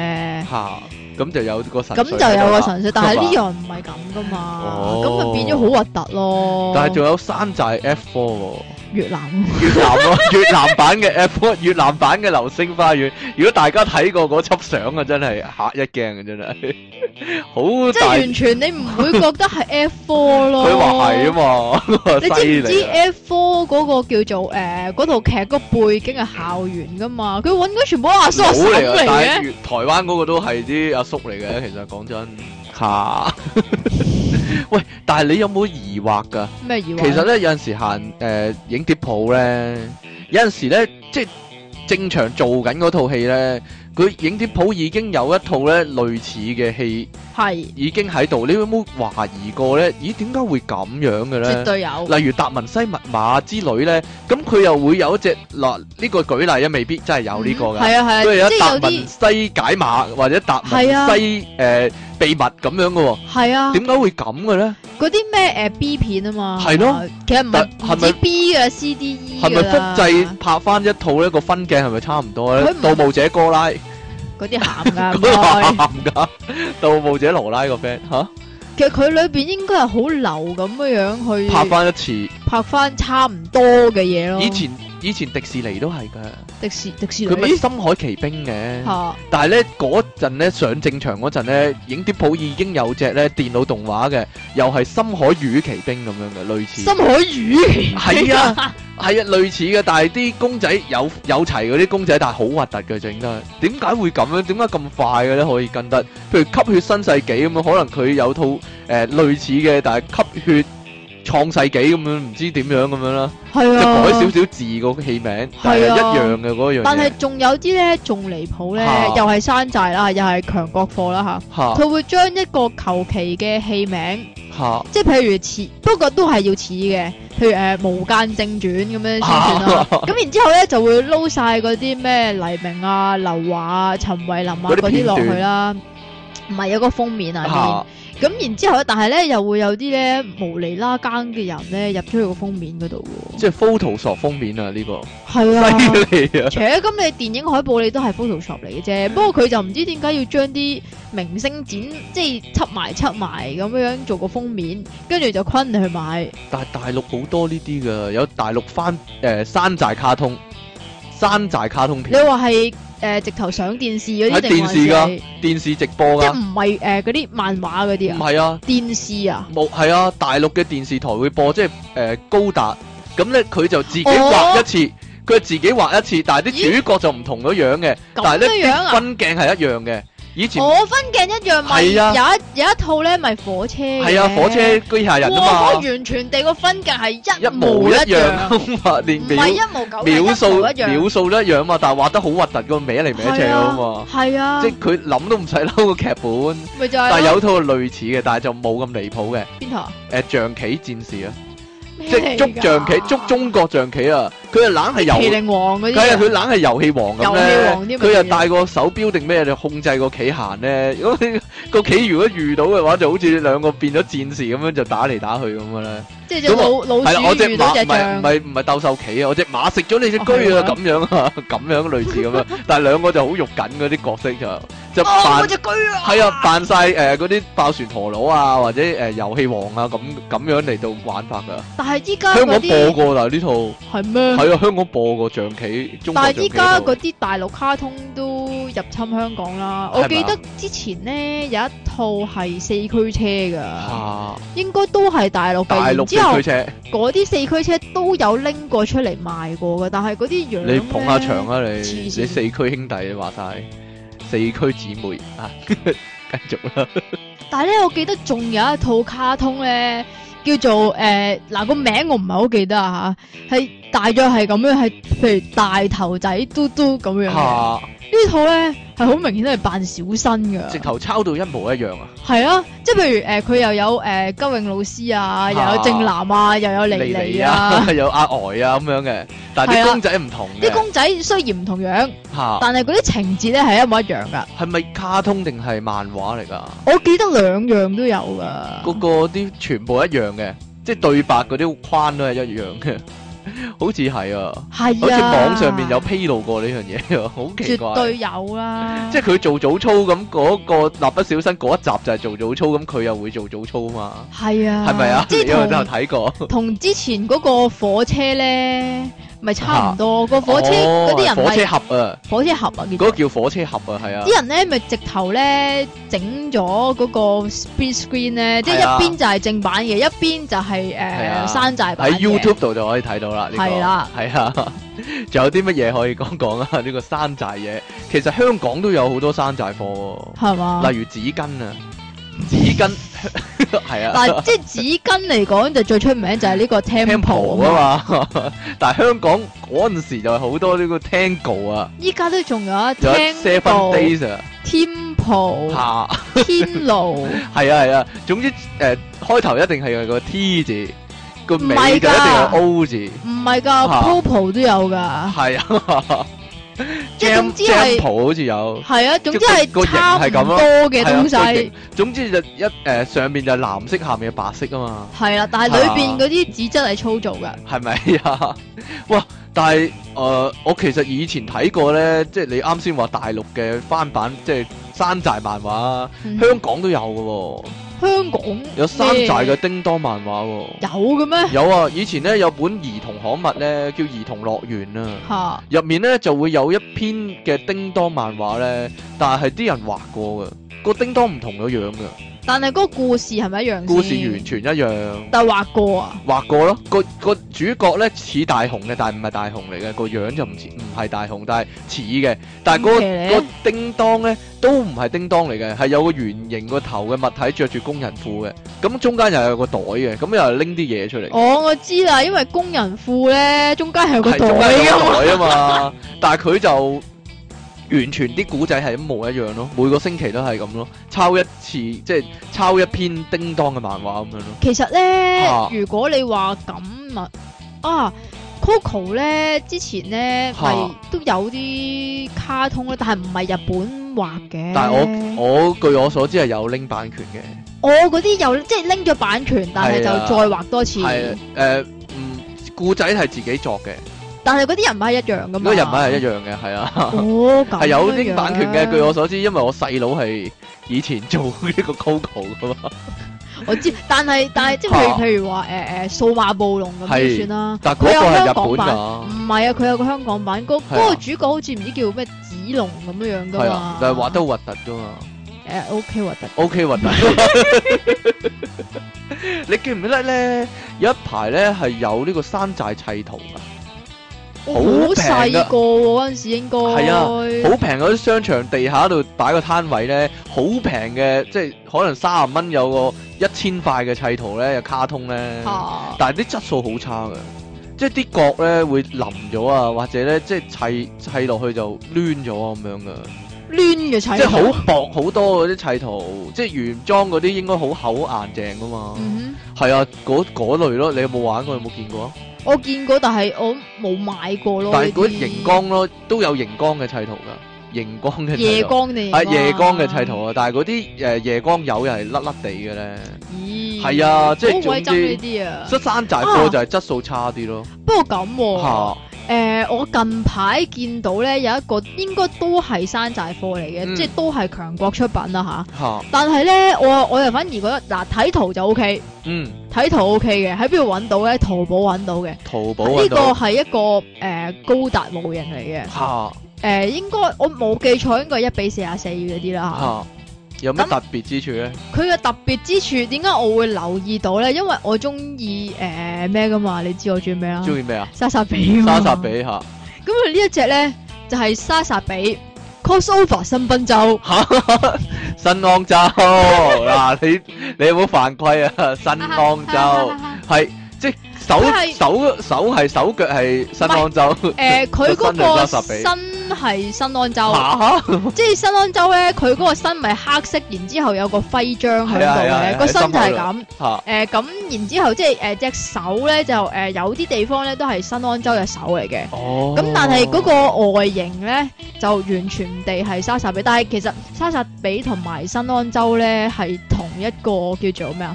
啊咁就有個神，咁就有個神識，吧但係呢樣唔係咁噶嘛，咁、oh, 就變咗好核突咯。但係仲有山寨 F Four。越南、啊，越南版嘅， 越南版嘅 F four，越南版嘅流星花園。如果大家睇過嗰輯相啊，真係吓一驚嘅，真係好，即係完全你唔會覺得係 F four 咯。佢話係啊嘛， 你知唔知 F four 嗰個叫做誒，嗰套劇個背景係校園噶嘛？佢搵嗰全部阿叔嚟嘅。台灣嗰個都係啲阿叔嚟嘅，其實講真。吓， 喂！但係你有冇疑惑噶？咩疑惑？其實咧有陣時行誒、呃、影碟鋪咧，有陣時咧即係正常做緊嗰套戲咧，佢影碟鋪已經有一套咧類似嘅戲，係已經喺度。是你有冇懷疑過咧？咦，點解會咁樣嘅咧？絕對有。例如達文西密碼之類咧，咁佢又會有一隻嗱，呢個舉例，又未必真係有呢個嘅。係啊係啊，即係、啊啊、有啲達文西解碼或者達文西誒。秘密咁樣嘅喎，係啊，點解會咁嘅咧？嗰啲咩誒 B 片啊嘛，係咯，其實唔係 B 嘅 CDE 係咪複製拍翻一套呢個分鏡係咪差唔多咧？《盜墓者哥拉》嗰啲鹹噶，咁鹹噶，《盜墓者羅拉》個 friend 吓，其實佢裏邊應該係好流咁嘅樣去拍翻一次，拍翻差唔多嘅嘢咯。以前。以前迪士尼都係噶，迪士迪士尼，佢咪《深海奇兵》嘅，但係咧嗰陣咧，上正場嗰陣咧，影碟鋪已已經有隻咧電腦動畫嘅，又係《深海魚奇兵》咁樣嘅類似。深海魚奇兵，係啊，係啊，類似嘅，但係啲公仔有有齊嗰啲公仔，但係好核突嘅整得。點解會咁樣？點解咁快嘅咧？可以跟得？譬如吸血新世紀咁樣，可能佢有套誒類似嘅，但係吸血。創世紀咁樣，唔知點樣咁樣啦，即係改少少字、嗰個戲名，但係、啊、一樣嘅嗰樣。那個、但係仲有啲咧，仲離譜咧，哈又係山寨啦，又係強國貨啦嚇。佢哈會將一個求其嘅戲名，哈即係譬如似，不過都係要似嘅，譬如誒《無間正傳》咁樣先算啦。咁哈然之後咧， 就會撈晒嗰啲咩黎明啊、劉華啊、陳慧琳啊嗰啲落去啦。唔係有個封面啊，咁、啊、然之後咧，但係咧又會有啲咧無厘啦更嘅人咧入咗去個封面嗰度喎。即係 Photoshop 封面啊，呢、呢個係是啊，犀利啊！除咗咁你電影海報你都係 Photoshop 嚟嘅啫。 不過佢就唔知點解要將啲明星展即係輯埋輯埋咁樣做個封面，跟住就昆你去買。但係大陸好多呢啲噶，有大陸翻誒、呃、山寨卡通、山寨卡通片。你話係？誒、呃，直頭上電視嗰啲喺電視噶，啊，電視直播噶，唔係誒嗰啲漫畫嗰啲啊？唔係、呃、啊，電視啊，冇係啊，大陸嘅電視台會播，即係誒、呃、高達，咁咧佢就自己畫一次，佢、哦、自己畫一次，但係啲主角就唔同咗樣嘅，咦但係咧、啊、分鏡係一樣嘅。以前我分鏡一樣，咪有一有一套咧，咪火車。係啊，火車機械人啊嘛。我完全地個分鏡係一模一樣，唔係一模九樣，秒數秒數都一樣嘛。但係畫得好核突，個歪嚟歪斜啊嘛。係啊，即係佢諗都唔使嬲個劇本。但係有套類似嘅，但係就冇咁離譜嘅。邊套啊？誒象棋戰士啊！即係捉象棋，捉中國象棋啊！佢又冷係遊戲王嗰啲，係啊！佢冷係遊戲王咁咧，佢又帶個手表定咩你控制個棋行咧。咁你個棋如果遇到嘅話，就好似兩個變咗戰士咁樣就打嚟打去咁嘅啦。即係隻老我老鼠主 遇到隻，唔係唔係唔係鬥獸棋啊！我隻馬食咗你隻車啊！咁、哦、這樣啊，咁 樣類似咁樣， 但係兩個就好肉緊嗰啲角色就。就扮，哦係啊，扮晒誒嗰啲爆船陀螺啊，或者誒遊戲王啊，咁咁樣嚟到玩法噶。但係依家嗰啲香港播過啦呢套。係咩？係啊，香港播過象棋。但係依家嗰啲大陸卡通都入侵香港啦。我記得之前呢，有一套係四驅車噶，應該都係大陸嘅，大陸嘅。之後嗰啲四驅車都有拎過出嚟賣過嘅，但係嗰啲樣你捧下場啊你！你四驅兄弟你話晒。四驅姊妹啊，繼 續啦 了！但係咧，我記得仲有一套卡通咧，叫做誒，嗱、呃那個名我唔係好記得啊吓，係大約係咁樣，係譬如大頭仔嘟嘟咁樣，啊、套呢套咧。係好明顯都係扮小新嘅，直頭抄到一模一樣啊！係啊，即係譬如誒，佢又有誒金泳老師啊，啊又有正男啊，又有莉莉啊，咁有阿呆啊咁、啊呃呃啊、樣嘅，但係啲公仔唔同啲、啊、公仔雖然唔同樣，嚇、啊，但係嗰啲情節咧係一模一樣㗎。係咪卡通定係漫畫嚟㗎？我記得兩樣都有㗎。嗰個啲全部一樣嘅，即係對白嗰啲框都係一樣嘅。 好似係啊，係啊，好似網上面有披露過呢樣嘢，好奇怪。絕對有啦，啊，即係佢做早操咁嗰個蠟筆小新嗰一集就係做早操，咁、那、佢、個、又會做早操嘛。係啊，係咪啊？因為都有睇過。同之前嗰個火車咧。 咪差唔多，啊、個火車嗰啲、哦、人火車盒啊，火車盒啊，嗰、啊、個叫火車盒啊，係啊。啲人咧咪直頭咧整咗嗰個 speed screen 咧，啊、即係一邊就係正版嘅，一邊就係、是、誒、呃啊、山寨版喺 YouTube 度就可以睇到啦。係、這、啦、個，係啊，仲是、啊、 有啲乜嘢可以講講啊？呢、這個山寨嘢，其實香港都有好多山寨貨，係嘛嗎？例如紙巾啊，紙巾。紙巾 係 啊，嗱，即係紙巾嚟講就最出名就係呢個 temple 啊嘛，嘛哈哈，但係香港嗰陣時就係好多呢個 tango 啊，依家都仲有 temple，temple，天路，係啊係 tempo, 啊，總之誒、呃、開頭一定係有個 T 字，個尾一定係 O 字，唔係噶，popo 都有噶，係啊。 即係即總之係，好似有係啊，總之係個型係咁多嘅東西。總之就一誒上面就藍色，下面係白色啊嘛。係啊，但係裏邊嗰啲紙質係粗糙噶。係咪呀？哇、啊！但係誒、呃，我其實以前睇過咧，即係你啱先話大陸嘅翻版，即係山寨漫畫，嗯、香港都有噶。香港有山寨嘅叮當漫畫喎，哦，有嘅咩？有啊，以前咧有本兒童刊物咧叫《兒童樂園》啊啦哈，入面咧就會有一篇嘅叮當漫畫咧，但係啲人畫過嘅，個叮當唔同個樣嘅。但係嗰個故事係咪一樣？故事完全一樣。但係畫過啊？畫過咯，個個主角咧似大雄嘅，但係唔係大雄嚟嘅，個樣就唔似唔係大雄，但係似嘅。但係、那、嗰、個、叮噹咧都唔係叮噹嚟嘅，係有個圓形個頭嘅物體着住工人褲嘅，咁中間又有個袋嘅，咁又係拎啲嘢出嚟。哦，我知啦，因為工人褲咧中間係有個袋啊嘛。個袋啊嘛，但係佢就。完全啲古仔係一模一樣咯，每個星期都係咁咯，抄一次即係抄一篇《叮當》嘅漫畫咁樣咯。其實咧，啊、如果你話咁啊，啊 Coco 咧之前咧係、啊、都有啲卡通咧，但係唔係日本畫嘅。但係我我據我所知係有拎版權嘅。我嗰啲有即係拎咗版權，但係就再畫多次。係誒、啊啊呃，嗯，古仔係自己作嘅。但係嗰啲人物係一樣㗎嘛，嗰啲人物係一樣嘅，係啊，係有啲版權嘅。據我所知，因為我細佬係以前做呢個 Coco 㗎嘛，我知。但係但係即係譬如譬如話誒誒數碼暴龍咁點算啦？但嗰個係日本㗎，唔係啊！佢有個香港版，嗰個主角好似唔知叫咩子龍咁樣樣㗎嘛，但係畫得核突㗎嘛，誒 OK 核突，OK 核突。你記唔記得咧？有一排咧係有呢個山寨砌圖㗎。好平噶，嗰陣時應該係啊，好平嗰啲商場地下度擺個攤位咧，好平嘅，即係可能卅蚊有個一千塊嘅砌圖咧，有卡通咧，哈但係啲質素好差嘅，即係啲角咧會淋咗啊，或者咧即係砌砌落去就攣咗咁樣噶，攣嘅砌圖。即係好薄好多嗰啲砌圖，即係原裝嗰啲應該好厚硬淨噶嘛。係、嗯、哼啊，嗰類咯，你有冇玩過？有冇見過？我見過，但係我冇買過咯。但係嗰啲熒光咯，都有熒光嘅砌圖㗎，熒光嘅砌圖。夜光定係夜光嘅砌圖啊！但係嗰啲誒夜光油又係甩甩哋嘅咧。咦？係啊，即係總之，山寨貨就係質素差啲咯。不過咁喎。誒、呃，我近排見到咧有一個，應該都係山寨貨嚟嘅，嗯、即係都係強國出品啦、啊、吓。啊、但係咧我我又反而覺得，嗱、啊、睇圖就 O K。嗯，睇圖 O K 嘅，喺邊度搵到咧？淘寶搵到嘅，淘寶呢、啊這個係一個誒、呃、高達模型嚟嘅。吓、啊，誒應該我冇記錯，應該係一比四啊四嗰啲啦吓。啊有咩特別之處咧？佢嘅特別之處點解我會留意到咧？因為我中意誒咩噶嘛？你知我中意咩啦？中意咩啊？莎莎比，莎莎比吓。咁啊呢一隻咧就係莎莎比 crossover 新賓州，新安州。嗱你你有冇犯規啊？新安州係即手手手係手腳係新安州。誒，佢嗰個新。真係新安州，啊、即係新安州咧，佢嗰個身咪黑色，然之後有個徽章喺度嘅，個 身就係咁，誒、 呃，咁然之後即係誒，隻、呃、手咧就誒、呃，有啲地方咧都係新安州嘅手嚟嘅，咁、哦、但係嗰個外形咧就完全地係莎莎比，但係其實莎莎比同埋新安州咧係同一個叫做咩啊？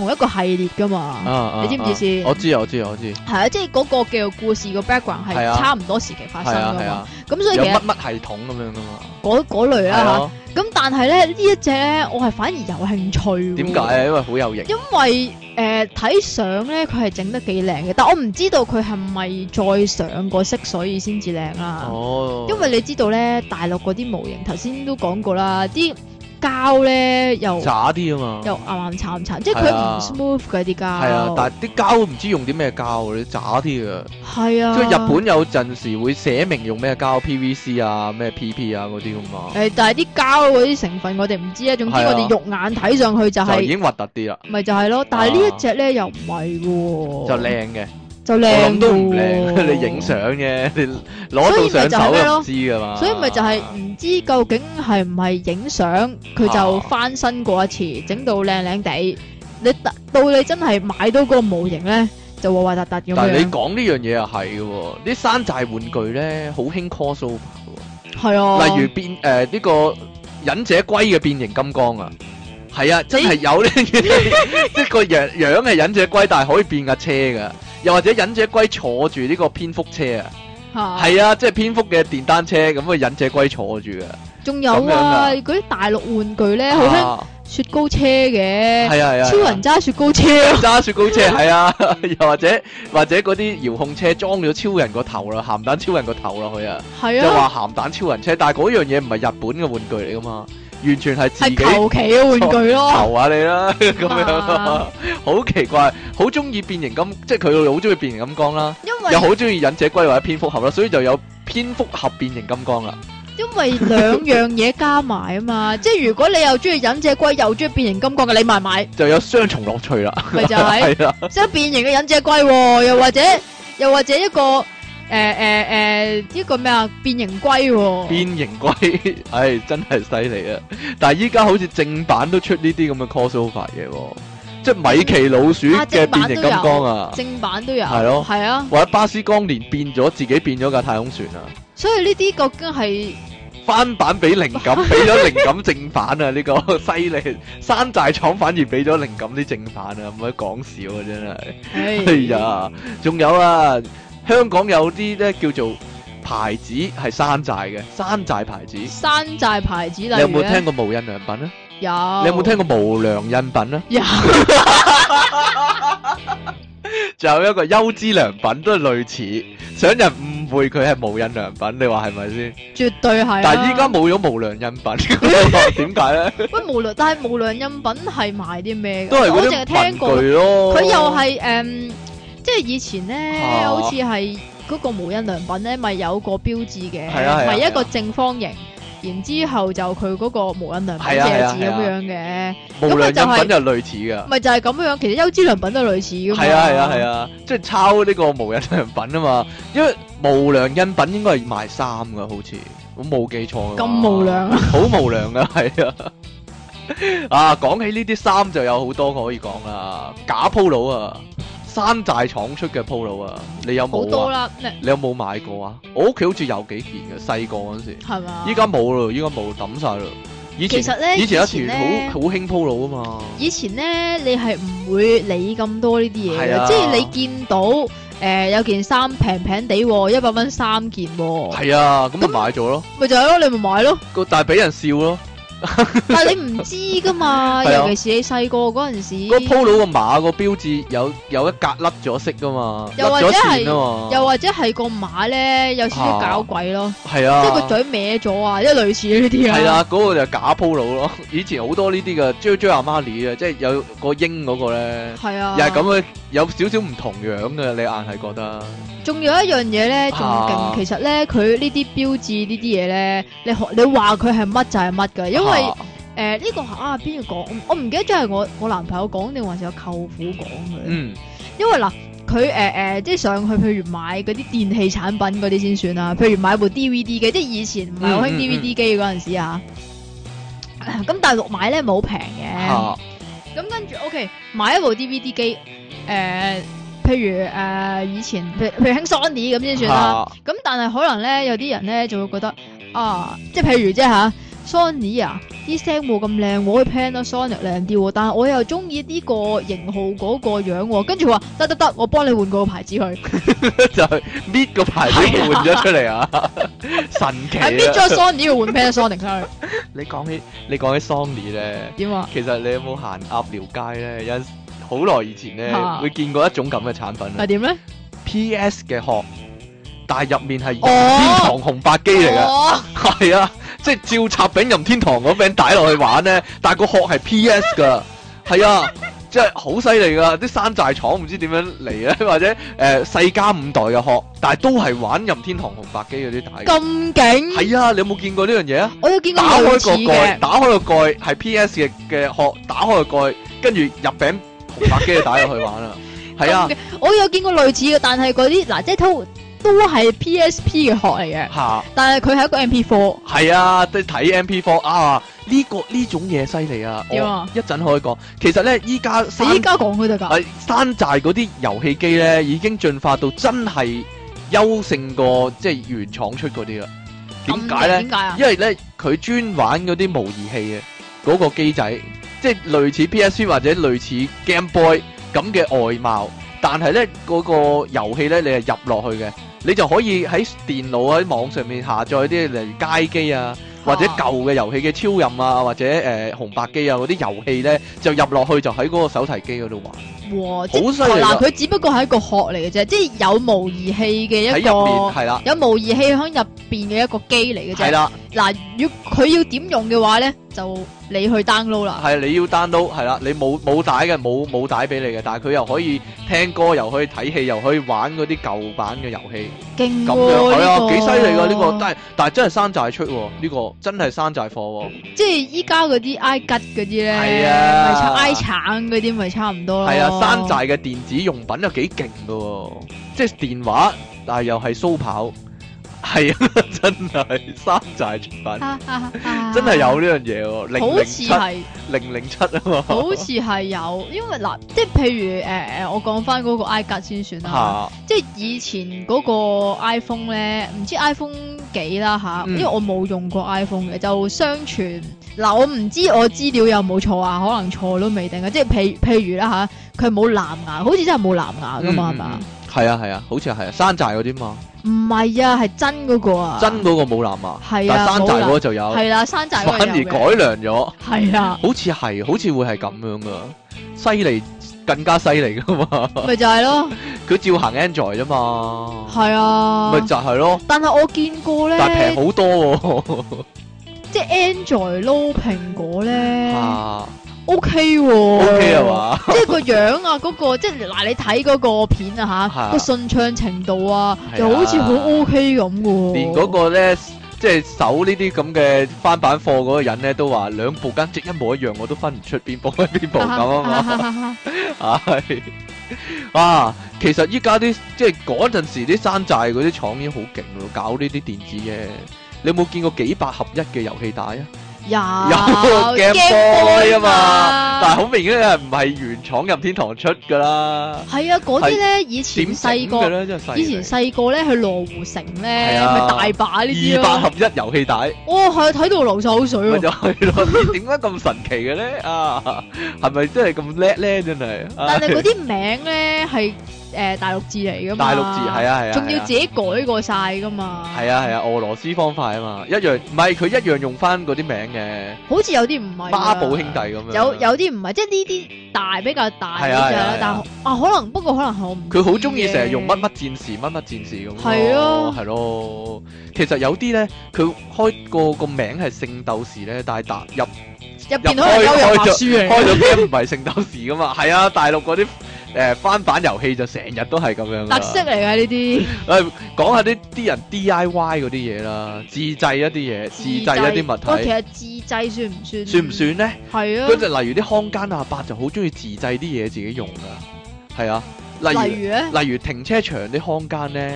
同一個系列噶嘛，啊啊啊你知唔知先？我知啊，啊，我知啊，我知。係 啊，即係嗰個叫故事個 background 係差唔多時期發生噶嘛，咁、嗯、所以其實乜乜系統咁樣啊嘛，嗰嗰類啊咁、嗯、但係咧呢一隻咧，我係反而有興趣。點解啊？因為好有型。因為誒睇相咧，佢係整得幾靚嘅，但我唔知道佢係咪再上個色、啊，所以先至靚啦。哦。因為你知道咧，大陸嗰啲模型頭先都講過啦，啲。膠咧又渣啲啊嘛，又硬硬慘慘，即係佢唔 smooth 嘅啲膠。係啊，但係啲膠唔知用啲咩膠，啲渣啲嘅。係啊，即係日本有陣時會寫明用咩膠，PVC 啊，咩 PP 啊嗰啲啊嘛。誒、欸，但係啲膠嗰啲成分我哋唔知啊，總之我哋肉眼睇上去就係、係啊、已經核突啲啦。咪就係咯，但係呢一隻咧又唔係嘅。就靚嘅。我諗都唔靚，你影相嘅，你攞到相就知噶嘛。所以咪就係唔知究竟係唔係影相，佢就翻新過一次，整到靚靚地。你到你真係買到嗰個模型咧，就核核突突咁樣。但係你講呢樣嘢又係嘅，啲山寨玩具咧好興 crossover 嘅。係啊。例如變誒呢個忍者龜嘅變形金剛啊，係啊，真係有呢。呢個樣樣係忍者龜，但係可以變架車噶。又或者忍者龜坐住呢個蝙蝠車啊，係啊，即係蝙蝠嘅電單車咁啊，忍者龜坐住啊，仲有啊，嗰啲大陸玩具咧，好似雪糕車嘅，係啊係啊，超人揸雪糕車，揸雪糕車，係啊，又或者或者嗰啲遙控車裝咗超人個頭啦，咸蛋超人個頭啦佢啊，就話咸蛋超人車，但係嗰樣嘢唔係日本嘅玩具嚟噶嘛。完全係自己求其嘅玩具咯做，求下你啦咁樣，啊， 好奇怪，好中意變形金，即係佢好中意變形金剛啦，因為 又好中意忍者龜或者蝙蝠俠啦，所以就有蝙蝠俠變形金剛啦。因為兩樣嘢加埋啊嘛， 即係如果你又中意忍者龜又中意變形金剛嘅，你買買就有雙重樂趣啦，咪是 就係，即係變形嘅忍者龜，哦，又或者 又或者一個。誒誒誒，呢個咩啊？變形龜，變形龜，唉，真係犀利啊！但係依家好似正版都出呢啲咁嘅 cosplay 嘢，即係米奇老鼠嘅變形金剛啊，正版都有，係咯，係啊，或者巴斯光年變咗自己變咗架太空船啊！所以呢啲究竟係翻版俾靈感，俾咗靈感正版啊？呢個犀利山寨廠反而俾咗靈感啲正版啊！唔可以講笑啊，真係，哎呀，仲有啊！香港有啲咧叫做牌子係山寨嘅，山寨牌子。山寨牌子嚟嘅。你有冇聽過無印良品啊？有。你有冇聽過無良印品啊？有。仲有一個優之良品都係類似，想人誤會佢係無印良品，你話係咪先？絕對係。但係依家冇咗無良印品，點解咧？喂，無良，但係無良印品係賣啲咩？都係嗰啲文具咯。我淨係聽過咯。佢又係誒。即係以前咧，好似係嗰個無印良品咧，咪有個標誌嘅，係一個正方形，然之後就佢嗰個無印良品嘅字咁樣嘅，無良印品就類似嘅，咪就係咁樣。其實優之良品都係類似噶嘛。係啊係啊係啊，即係抄呢個無印良品啊嘛。因為無良印品應該係賣衫噶，好似我冇記錯。咁無良，好無良噶，係啊。啊，講起呢啲衫就有好多可以講啦，假 Polo 啊。山寨廠出嘅 polo 啊，你有冇好多啊？多，你，你有冇買過啊？我屋企好似有幾件嘅，細個嗰時，係嘛吧？依家冇啦，依家冇抌晒啦。以前其實咧，以前咧，好好興 polo 啊嘛。以前咧，你係唔會理咁多呢啲嘢嘅，啊、即係你見到誒、呃、有件衫平平地，一百蚊三件，係啊，咁咪買咗咯，咪、嗯、就係咯，你咪買咯，但係俾人笑咯。但你唔知噶嘛，尤其是你細個嗰陣時。個 Polo 個馬個標誌有有一格甩咗色噶嘛，又或者係又或者係個馬咧有少少搞鬼咯，係啊，即係個嘴歪咗啊，即係類似呢啲啊。係啊，嗰個就假 Polo 咯。以前好多呢啲嘅，Jojo 阿媽尼啊，即係有個鷹嗰個咧，係啊，又係咁嘅，有少少唔同樣嘅，你硬係覺得。仲有一樣嘢咧，仲勁，其實咧佢呢啲標誌呢啲嘢咧，你學你話佢係乜就係乜噶，因為。因為誒呢、呃這個係啊邊個講？我唔記得咗係我我男朋友講定還是我舅父講嘅。嗯，因為嗱佢誒誒，即係上去，譬如買嗰啲電器產品嗰啲先算啦。譬如買部 D V D 機，即係以前唔係好興 D V D 機嗰陣時吓。咁大陸買咧冇平嘅。咁跟住 O K，買一部 D V D 機，誒，譬如誒、呃、以前譬譬如興 Sony 咁先算啦。咁、啊嗯、但係可能咧有啲人咧就會覺得啊，即係譬如即係吓。啊 Sony 啊，啲聲冇咁靚，我可以 Panasonic Sony 靚啲，但係我又中意呢個型號嗰個樣，跟住話得得得，我幫你換個牌子去， 就搣個牌子換咗出嚟啊， 神奇！搣咗 Sony 要換 Panasonic Sony 出去。你講起你講起 Sony 咧，點啊？其實你有冇行鴨寮街咧？有好耐以前咧， 會見過一種咁嘅產品啊？係點咧？PS 嘅殼，但係入面係天堂紅白機嚟嘅，係啊。即係照插餅任天堂嗰餅打落去玩咧，但係個殼係 PS 噶，係啊， 即係好犀利噶，啲山寨廠唔知點樣嚟咧，或者誒、呃、世嘉五代嘅殼，但係都係玩任天堂紅白機嗰啲打。咁勁！係啊，你有冇見過呢樣嘢啊？我有見過打開個蓋似，打開個蓋係 PS 嘅嘅殼，打開個蓋，跟住入餅紅白機嘅打落去玩啊。係啊，我有見過類似嘅，但係嗰啲嗱即係偷。都係 PSP 嘅學嚟嘅，哈但係佢係一個 MP4，係啊，即係睇 MP4 啊！呢、這個呢種嘢犀利啊！啊哦、一陣可以講，其實咧依家，你依家講佢得噶，山寨嗰啲遊戲機咧已經進化到真係優勝過即係、就是、原廠出嗰啲啦。點解咧？點解？因為咧佢專玩嗰啲模擬器嘅嗰個機仔，即係類似 PSP 或者類似 Game Boy 咁嘅外貌，但係咧嗰個遊戲咧你係入落去嘅。你就可以喺電腦喺啲網上面下載啲，例如街機啊，或者舊嘅遊戲嘅超任啊，或者誒、呃、紅白機啊嗰啲遊戲咧，就入落去就喺嗰個手提機嗰度玩。哇！好犀利！嗱，佢、呃、只不過係一個殼嚟嘅啫，即係有模擬器嘅一個，喺入面，係啦。有模擬器響入邊嘅一個機嚟嘅啫。係啦的。嗱、呃，要佢要點用嘅話咧，就。你去 download 啦，係你要 download，係啦，你冇冇帶嘅，冇冇帶俾你嘅，但係佢又可以聽歌，又可以睇戲，又可以玩嗰啲舊版嘅遊戲，勁，咁樣，係啊，幾犀利噶呢個，但係但係真係山寨出呢個，真係山寨貨，即係依家嗰啲挨拮嗰啲咧，係啊，挨橙嗰啲咪差唔多咯，係啊，山寨嘅電子用品又幾勁噶，即係電話，但係又係蘇跑。係 啊，啊啊 真係山寨出品，真係有呢樣嘢喎。零零七，零零七啊嘛， 好似係有，因為嗱，即係譬如誒誒，我講翻嗰個 i 格先算啦，即係、欸啊、以前嗰個 iPhone 咧，唔知 iPhone 幾啦吓，啊嗯、因為我冇用過 iPhone 嘅，就相傳，嗱我唔知我資料有冇錯啊，可能錯都未定啊，即係譬譬如啦吓，佢冇藍牙，好似真係冇藍牙噶嘛，係嘛、嗯？係啊係啊，好似係啊，山寨嗰啲嘛。唔係啊，係真嗰個啊，真嗰個冇藍牙啊，係啊，但山寨嗰就有，係啦，山寨反而改良咗，係啊，好似係，好似會係咁樣噶，犀利更加犀利噶嘛，咪就係咯，佢照行 Android 啫嘛，係啊，咪就係咯，但係我見過咧，但係平好多，即係 Android 撈蘋果咧。O K 喎，即係個樣啊，嗰、嗰個即係嗱，你睇嗰個片 啊吓，個順暢程度啊，啊好 OK，就好似好 O K 咁嘅。連嗰個咧，即係搜呢啲咁嘅翻版貨嗰個人咧，都話兩部簡直一模一樣，我都分唔出邊部係邊部咁啊嘛，係啊，其實依家啲即係嗰陣時啲山寨嗰啲廠已經好勁咯，搞呢啲電子嘅，你有冇見過幾百合一嘅遊戲帶啊？有 gameboy 啊嘛，但係好明顯係唔係原廠任天堂出噶啦。係啊，嗰啲咧以前細個，以前細個咧去羅湖城咧，咪大把呢啲咯。二八合一遊戲帶。哦，係睇到流晒口水啊！咪就係咯，點解咁神奇嘅咧？啊，係咪真係咁叻咧？真係。但係嗰啲名咧係。誒，大陸字嚟噶嘛？大陸字係啊，係啊，仲要自己改過曬噶嘛？係啊，係啊，俄羅斯方塊啊嘛，一樣，唔係佢一樣用翻嗰啲名嘅。好似有啲唔係。孖寶兄弟咁樣。有有啲唔係，即係呢啲大比較大啲啫，但啊可能不過可能我唔。佢好中意成日用乜乜戰士乜乜戰士咁。係啊，係咯。其實有啲咧，佢開個個名係聖鬥士咧，但係入入入開開咗開咗啲唔係聖鬥士噶嘛。係啊，大陸嗰啲。誒、呃，翻版遊戲就成日都係咁樣。特色嚟㗎呢啲。誒，講下啲啲人 D I Y 嗰啲嘢啦，自製一啲嘢，自製製一啲物體。不過其實自製算唔算？算唔算咧？係啊。佢就例如啲空間阿伯就好中意自製啲嘢自己用噶係啊，例如例如，例如停車場啲空間咧，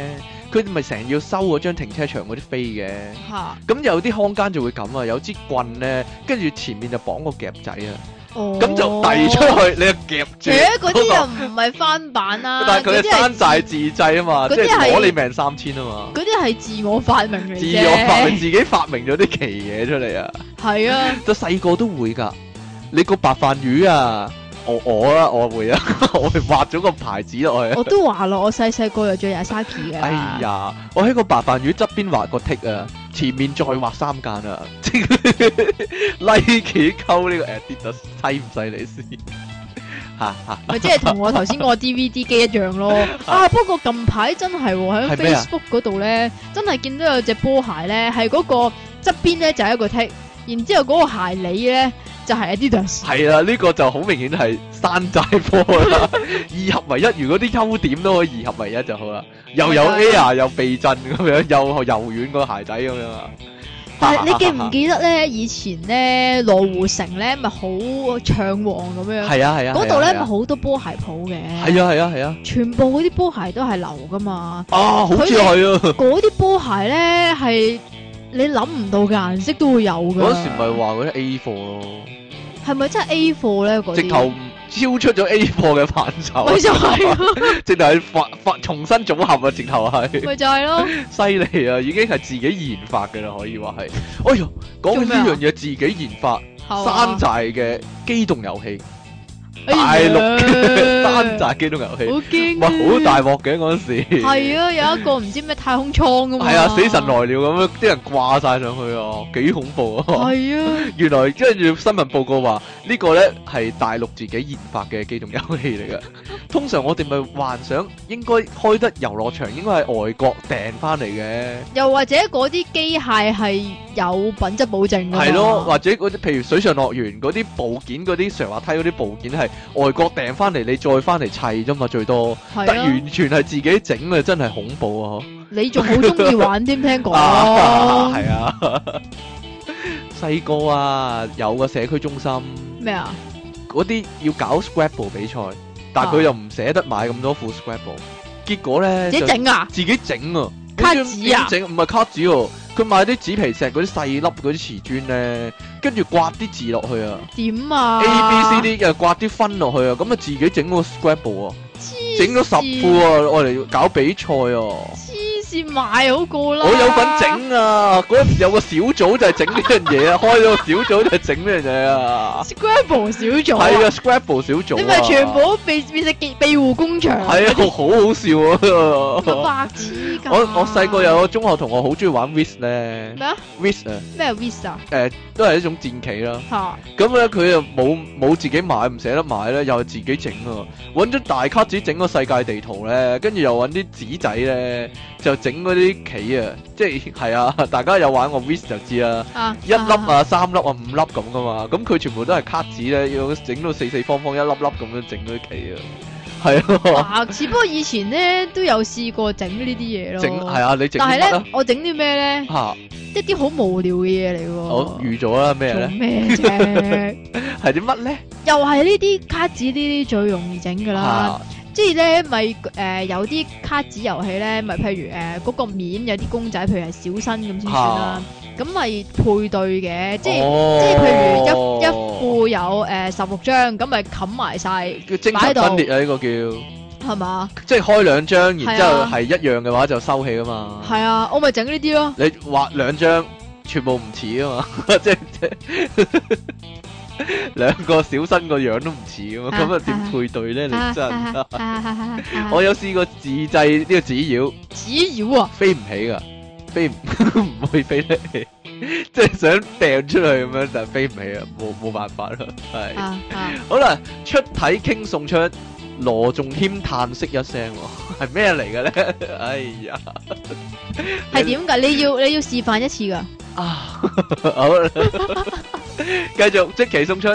佢咪成日要收嗰張停車場嗰啲飛嘅。咁哈有啲空間就會咁啊，有支棍咧，跟住前面就綁個夾仔啊。咁、oh. 就遞出去，你夾住、那個。誒，嗰啲又唔係翻版啦、啊，即係 山寨自製啊嘛。嗰啲係攞你命三千啊嘛。嗰啲係自我發明嚟。自我發明，自己發明咗啲奇嘢出嚟 啊！係啊，都細個都會噶。你個白飯魚啊，我我啦，我會啊， 我畫咗個牌子落去。我都話咯，我細細個又 s 日式皮嘅。哎呀，我喺個白飯魚側邊畫個剔啊。前面再畫三間啊！Nike 溝呢個 Adidas 犀唔犀利先，嚇嚇，咪即係同我頭先嗰個 DVD 機一樣咯。啊，不過近排真係喺 Facebook 嗰度咧，真係見到有隻波鞋咧，係嗰個側邊咧就係一個 T，然之後嗰個鞋裏咧。就係 Adidas 係啦，呢、啊呢個就好明顯係山寨波啦。 二合為一，如果啲優點都可以二合為一,一就好啦。又有 Air 又避震咁樣，又柔軟個鞋底咁樣。但係你記唔記得咧？ 以前咧羅湖城咧咪好暢旺咁樣？係啊係啊，嗰度咧咪好多波鞋鋪嘅。係啊係啊係啊，全部嗰啲波鞋都係流噶嘛。啊，好似係啊！嗰啲波鞋咧係。你諗唔到嘅顏色都會有嘅。嗰時唔係話嗰啲 A 貨咯，啊，係咪真係 A 貨咧？直頭超出咗 A 貨嘅範疇。咪就係咯， 直頭發發重新組合啊！直頭係。咪就係咯，犀利啊！已經係自己研發嘅啦，可以話係。哎呦，講起呢樣嘢，自己研發，啊、山寨嘅機動遊戲。大陸嘅山寨機動遊戲，好驚，哇好大鑊嘅嗰陣時。係啊，有一個唔知咩太空艙噶嘛。係啊，死神來了咁啊，啲人掛晒上去哦，幾恐怖啊。係啊，原來跟住新聞報告話呢個咧係大陸自己研發嘅機動遊戲嚟噶。通常我哋咪幻想應該開得遊樂場，應該係外國訂翻嚟嘅。又或者嗰啲機械係有品質保證噶。係咯，或者嗰啲譬如水上樂園嗰啲部件，嗰啲上滑梯嗰啲部件係。外國訂翻嚟，你再翻嚟砌啫嘛，最多，得完全係自己整啊，真係恐怖啊！你仲好中意玩添？聽講啊，係啊，細個啊，有個社區中心咩啊？嗰啲要搞 Scrabble 比賽，但係佢又唔捨得買咁多副 Scrabble，結果咧自己整啊，自己整啊。卡紙啊？整唔係卡紙哦，佢買啲紙皮石嗰啲細粒嗰啲瓷磚咧，跟住刮啲字落去啊。點啊？A B C D 又刮啲分落去啊，咁啊自己整個 Scrabble 啊，整咗十副啊，我嚟搞比賽啊。賣好過啦！我有份整啊，嗰時有個小組就係整呢樣嘢啊，開咗個小組就係整呢樣嘢啊？Scrabble 小組係啊，Scrabble 小組，你咪全部變變成庇庇護工場係啊，好好笑啊！白痴！我我細個有個中學同學好中意玩 Whist 咧咩啊？Whist 啊？咩 Whist 啊？誒，都係一種戰棋啦吓。咁咧佢又冇冇自己買，唔捨得買咧，又係自己整啊！搵咗大卡紙整個世界地圖咧，跟住又搵啲紙仔咧。就整嗰啲棋啊，即係係啊，大家有玩過 whisk 就知啦，啊、一粒啊、三粒啊、五粒咁噶嘛，咁佢全部都係卡紙咧，要整到四四方方一粒粒咁樣整嗰啲棋啊，係啊， 只不過以前咧都有試過整呢啲嘢咯。整係啊，你整。但係咧，我整啲咩咧？吓、啊，一啲好無聊嘅嘢嚟喎。我預咗啦，咩咧？做咩啫？ 係啲乜咧？又係呢啲卡紙呢啲最容易整噶啦。啊即係咧，咪誒有啲卡紙遊戲咧，咪譬如誒嗰個面有啲公仔，譬如係小新咁先算啦。咁咪配對嘅，即係即係譬如一一副有誒十六張，咁咪冚埋曬擺喺度。精神分裂啊，呢個叫係嘛？即係開兩張，然之後係一樣嘅話就收起啊嘛。係啊，我咪整呢啲咯。你畫兩張，全部唔似啊嘛，即係。兩個小新個樣都唔似咁，咁又點配對咧？啊、你真，我有試過自製呢、這個紙鷂，紙鷂啊飛？飛唔起噶，飛唔唔會飛得起。即 係想掟出去咁樣，但係飛唔起啊，冇冇辦法啦。係，啊啊好啦，出體 king 送出羅仲謙嘆息一聲，係咩嚟嘅咧？哎呀，係點噶？你要你要，你要示範一次噶。啊，好 續，繼續 即期送出，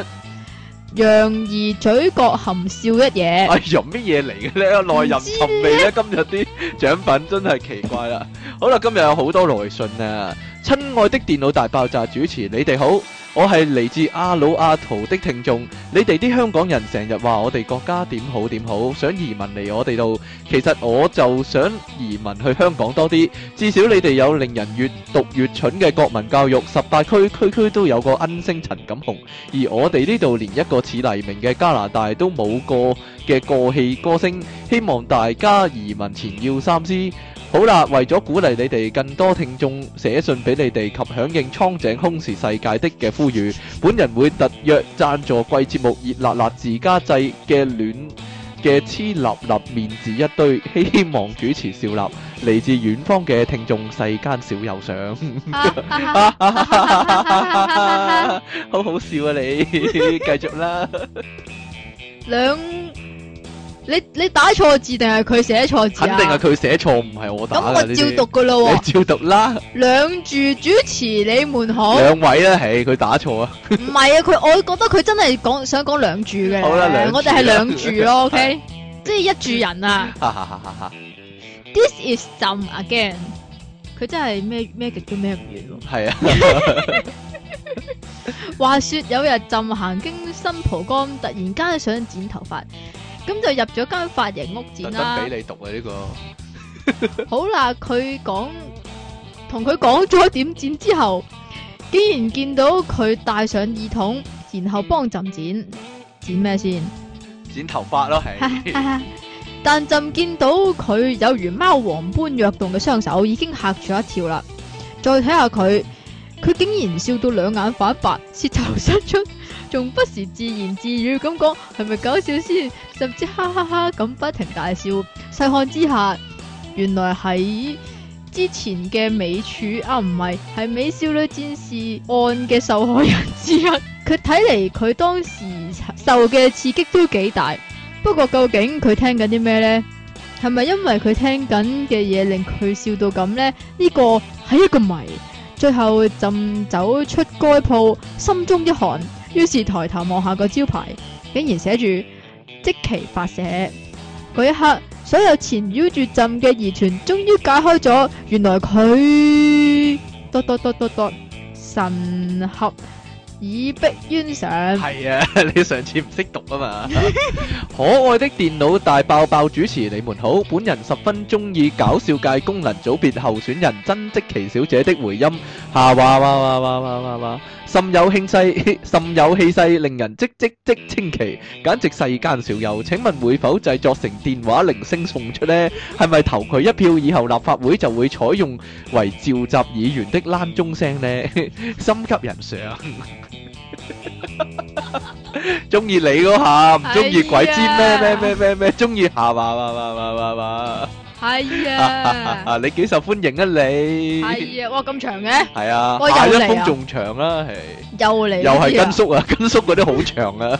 楊怡嘴角含笑一嘢，哎呀，乜嘢嚟嘅呢？耐人尋味咧，呢今日啲獎品真係奇怪啦。 好啦，今日有好多來信啊，親愛的電腦大爆炸主持，你哋好。我係嚟自阿魯阿圖的聽眾，你哋啲香港人成日話我哋國家點好點好，想移民嚟我哋度，其實我就想移民去香港多啲，至少你哋有令人越讀越蠢嘅國民教育，十八區區區都有個恩星陳錦紅，而我哋呢度連一個似黎明嘅加拿大都冇個嘅過氣歌星，希望大家移民前要三思。好啦，為咗鼓勵你哋更多聽眾寫信俾你哋及響應蒼井空時世界的嘅呼籲，本人會特約贊助貴節目熱辣辣自家製嘅戀嘅黐立立面字一堆，希望主持笑納，嚟自遠方嘅聽眾世間少有上，好好笑啊你，繼 續啦，兩。 你你打錯字定係佢寫錯字？肯定係佢寫錯，唔係我打。咁我照讀噶咯喎。你照讀啦。兩住主持你們好。兩位啦，嘿，佢打錯啊。唔係啊，佢我覺得佢真係講想講兩住嘅。好啦、啊，兩住我哋係兩住咯，OK。即係一住人啊。哈哈哈！哈哈。This is 朕 again。佢真係咩咩極都咩唔完喎。係啊。話説有日朕行經新蒲崗，突然間想剪頭髮。咁就入咗間髮型屋剪啦。得俾你讀啊呢個。 好啦，佢講同佢講咗點剪之後，竟然見到佢戴上耳筒，然後幫朕剪剪咩先？剪，剪頭髮咯，係。 但朕見到佢有如貓王般躍動嘅雙手，已經嚇咗一跳啦。再睇下佢，佢竟然笑到兩眼反白，舌頭伸出。 仲不時自言自語咁講，係咪搞笑先？甚至哈哈哈咁不停大笑。細看之下，原來喺之前嘅美處啊，唔係，係美少女戰士案嘅受害人之一。佢睇嚟佢當時受嘅刺激都幾大。不過究竟佢聽緊啲咩呢？係咪因為佢聽緊嘅嘢，令佢笑到咁呢？呢個係一個謎。最後就走出該鋪，心中一寒。於是抬頭望下個招牌，竟然寫住「積淇發射」。嗰一刻，所有纏繞住朕嘅疑團終於解開咗。原來佢哆哆哆哆哆神俠，以逼冤上。係啊，你上次唔識讀啊嘛。可愛的電腦大爆爆主持，你們好。本人十分中意搞笑界功能組別候選人真積淇小姐的回音。下話話話話話話話。甚有氣勢，甚有氣勢，令人即即即稱奇，簡直世間少有。請問會否製作成電話鈴聲送出呢？係咪投佢一票以後，立法會就會採用為召集議員的鈴鐘聲呢？心急人上，中意你嗰下，唔中意鬼知咩咩咩咩咩，中意下吧吧吧吧吧吧。什麼什麼什麼。係啊！啊，啊，啊你幾受歡迎啊你！係啊！哇咁長嘅！係啊，啊我又下一封仲長啦，係又嚟，又係根叔啊，根叔嗰啲好長啊，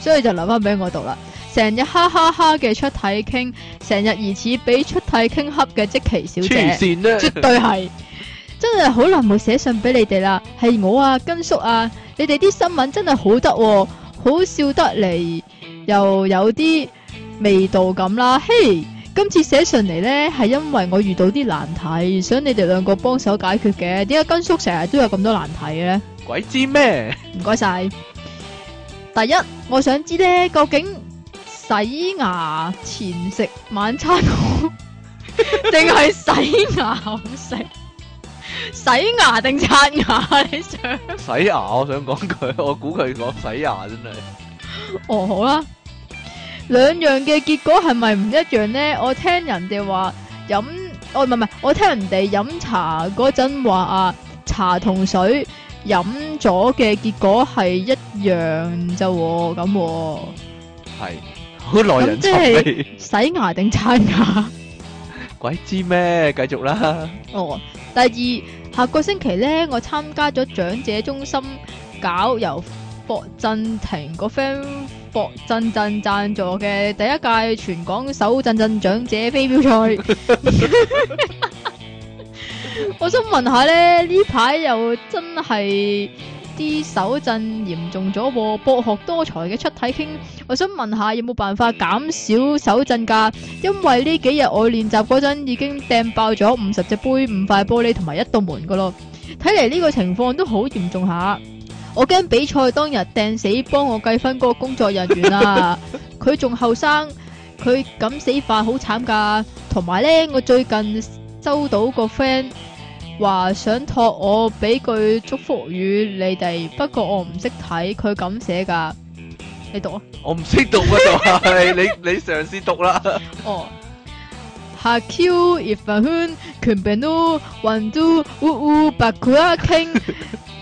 所以就留翻俾我讀啦。成日哈哈哈嘅出體 king，成日疑似俾出體 king 恰嘅積淇小姐，黐線啦， 絕對係，真係好耐冇寫信俾你哋啦。係我啊，根叔啊，你哋啲新聞真係好得、啊，好笑得嚟，又有啲。味道咁啦，嘿、hey！今次寫上嚟咧，係因為我遇到啲難題，想你哋兩個幫手解決嘅。點解根叔成日都有咁多難題嘅咧？鬼知咩？唔該晒。第一，我想知咧，究竟洗牙前食晚餐好，定係洗牙後食？洗牙定刷牙？你想洗牙？我想講佢，我估佢講洗牙真係。哦，好啦。兩樣嘅結果係咪唔一樣呢？我聽人哋話飲哦，唔係唔係，我聽人哋飲茶嗰陣話啊，茶同水飲咗嘅結果係一樣咋，哦？咁係好耐人尋味。即係 洗牙定刷牙？ 鬼知咩？繼續啦。哦，第二，下個星期呢，我參加咗長者中心搞由霍振廷個 friend。博震震贊助嘅第一屆全港首震震長者飛鏢賽，我想問下咧，呢排又真係啲手震嚴重咗噃、啊。博學多才嘅出體 king，我想問下有冇辦法減少手震噶？因為呢幾日我練習嗰陣已經掟爆咗五十隻杯、五塊玻璃同埋一道門噶咯。睇嚟呢個情況都好嚴重下、啊。我驚比賽當日掟死幫我計分嗰個工作人員啊！佢仲後生，佢咁死法好慘噶。同埋咧，我最近收到個 friend 話想託我俾句祝福語你哋，不過我唔識睇佢咁寫噶。你讀啊！我唔識讀嗰度， 你你嘗試讀啦。 哦，下 Q if a hun can be no one do 嗚嗚白骨啊傾。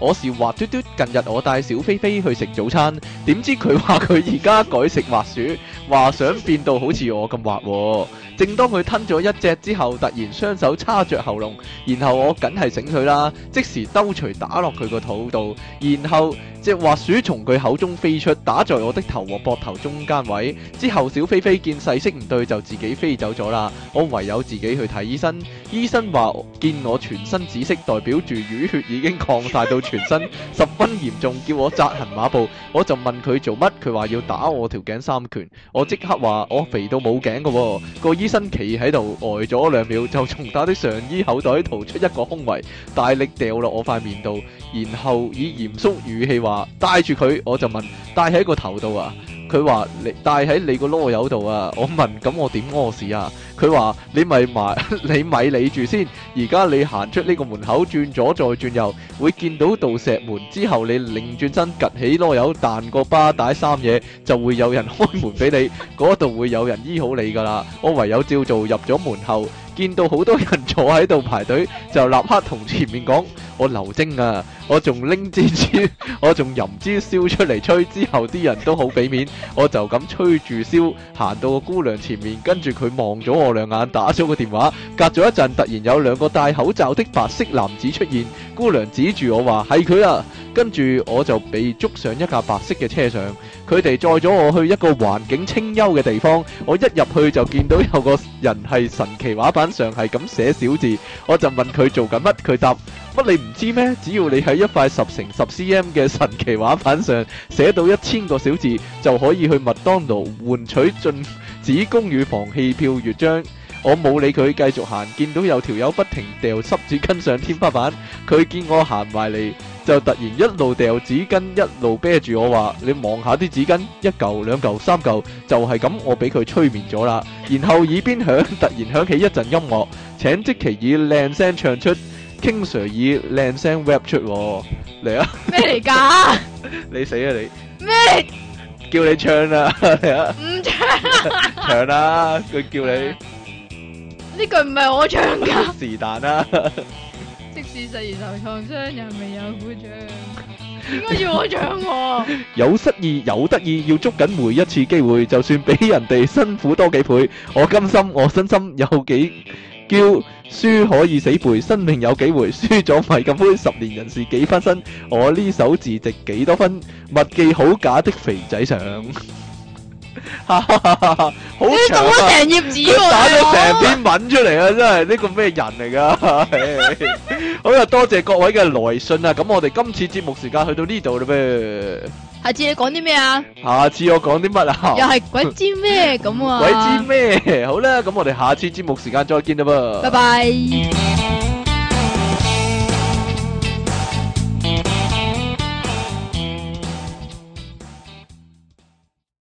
我是滑嘟嘟。近日我帶小飛飛去食早餐，點知佢話佢而家改食滑鼠，話想變到好似我咁滑，哦。正當佢吞咗一隻之後，突然雙手叉着喉嚨，然後我梗係醒佢啦，即時兜錘打落佢個肚度。然後隻滑鼠從佢口中飛出，打在我的頭和膊頭中間位。之後小飛飛見勢色唔對，就自己飛走咗啦。我唯有自己去睇醫生。醫生話見我全身紫色，代表住淤血已經擴散到。全身十分嚴重，叫我紮行馬步，我就問佢做乜，佢話要打我條頸三拳，我即刻話我肥到冇頸㗎喎、哦，個醫生企喺度呆咗兩秒，就從他的上衣口袋掏出一個胸圍，大力掉落我塊面度，然後以嚴肅語氣話戴住佢，我就問戴喺個頭度啊？佢話你帶喺你個囉柚度啊！我問咁我點屙屎啊？佢話你咪埋，你咪理住先。而家你行出呢個門口，轉左再轉右，會見到道石門。之後你擰轉身，趷起囉柚彈個巴帶三嘢，就會有人開門俾你。嗰度 會有人醫好你噶啦。我唯有照做，入咗門後，見到好多人坐喺度排隊，就立刻同前面講：我劉晶啊！我仲拎支燒，我仲吟支燒出嚟吹，之後啲人都好俾面，我就咁吹住燒，行到個姑娘前面，跟住佢望咗我兩眼，打咗個電話，隔咗一陣，突然有兩個戴口罩的白色男子出現，姑娘指住我話係佢啊，跟住我就被捉上一架白色嘅車上，佢哋載咗我去一個環境清幽嘅地方，我一入去就見到有個人係神奇畫板上係咁寫小字，我就問佢做緊乜，佢答，乜你唔知咩？只要你喺。一塊十乘十 cm 嘅神奇畫板上寫到一千個小字，就可以去麥當勞換取進子公寓防氣票月章。我冇理佢，繼續行，見到有條友不停掉濕紙巾上天花板。佢見我行埋嚟，就突然一路掉紙巾，一路啤住我話：你望下啲紙巾，一嚿、兩嚿、三嚿，就係咁。我俾佢催眠咗啦。然後耳邊響突然響起一陣音樂，請積淇以靚聲唱出。King Sir 以靚聲 rap 出我嚟啊！咩嚟噶？你死啊你！咩？叫你唱啦！嚟啊！唔唱！唱啦！佢叫你呢句唔係我唱噶。是但啦。即使失意受創傷，又未有故障。唔係要我唱喎。有失意有得意，要捉緊每一次機會。就算俾人哋辛苦多幾倍，我甘心。我真心有幾？叫輸可以死背，生命有幾回？輸咗唔係咁灰，十年人事幾翻身？我呢首字值幾多分？物記好假的肥仔相，哈哈哈！好長啊，成頁紙，打咗成篇文出嚟啊，真係呢個咩人嚟噶？好啊，多謝各位嘅來信啊！咁我哋今次節目時間去到呢度嘞噃。下次你講啲咩啊？下次我講啲乜啊？ 又係鬼知咩咁啊？鬼知咩？啊、 知咩 好啦，咁我哋下次節目時間再見啦噃。拜拜。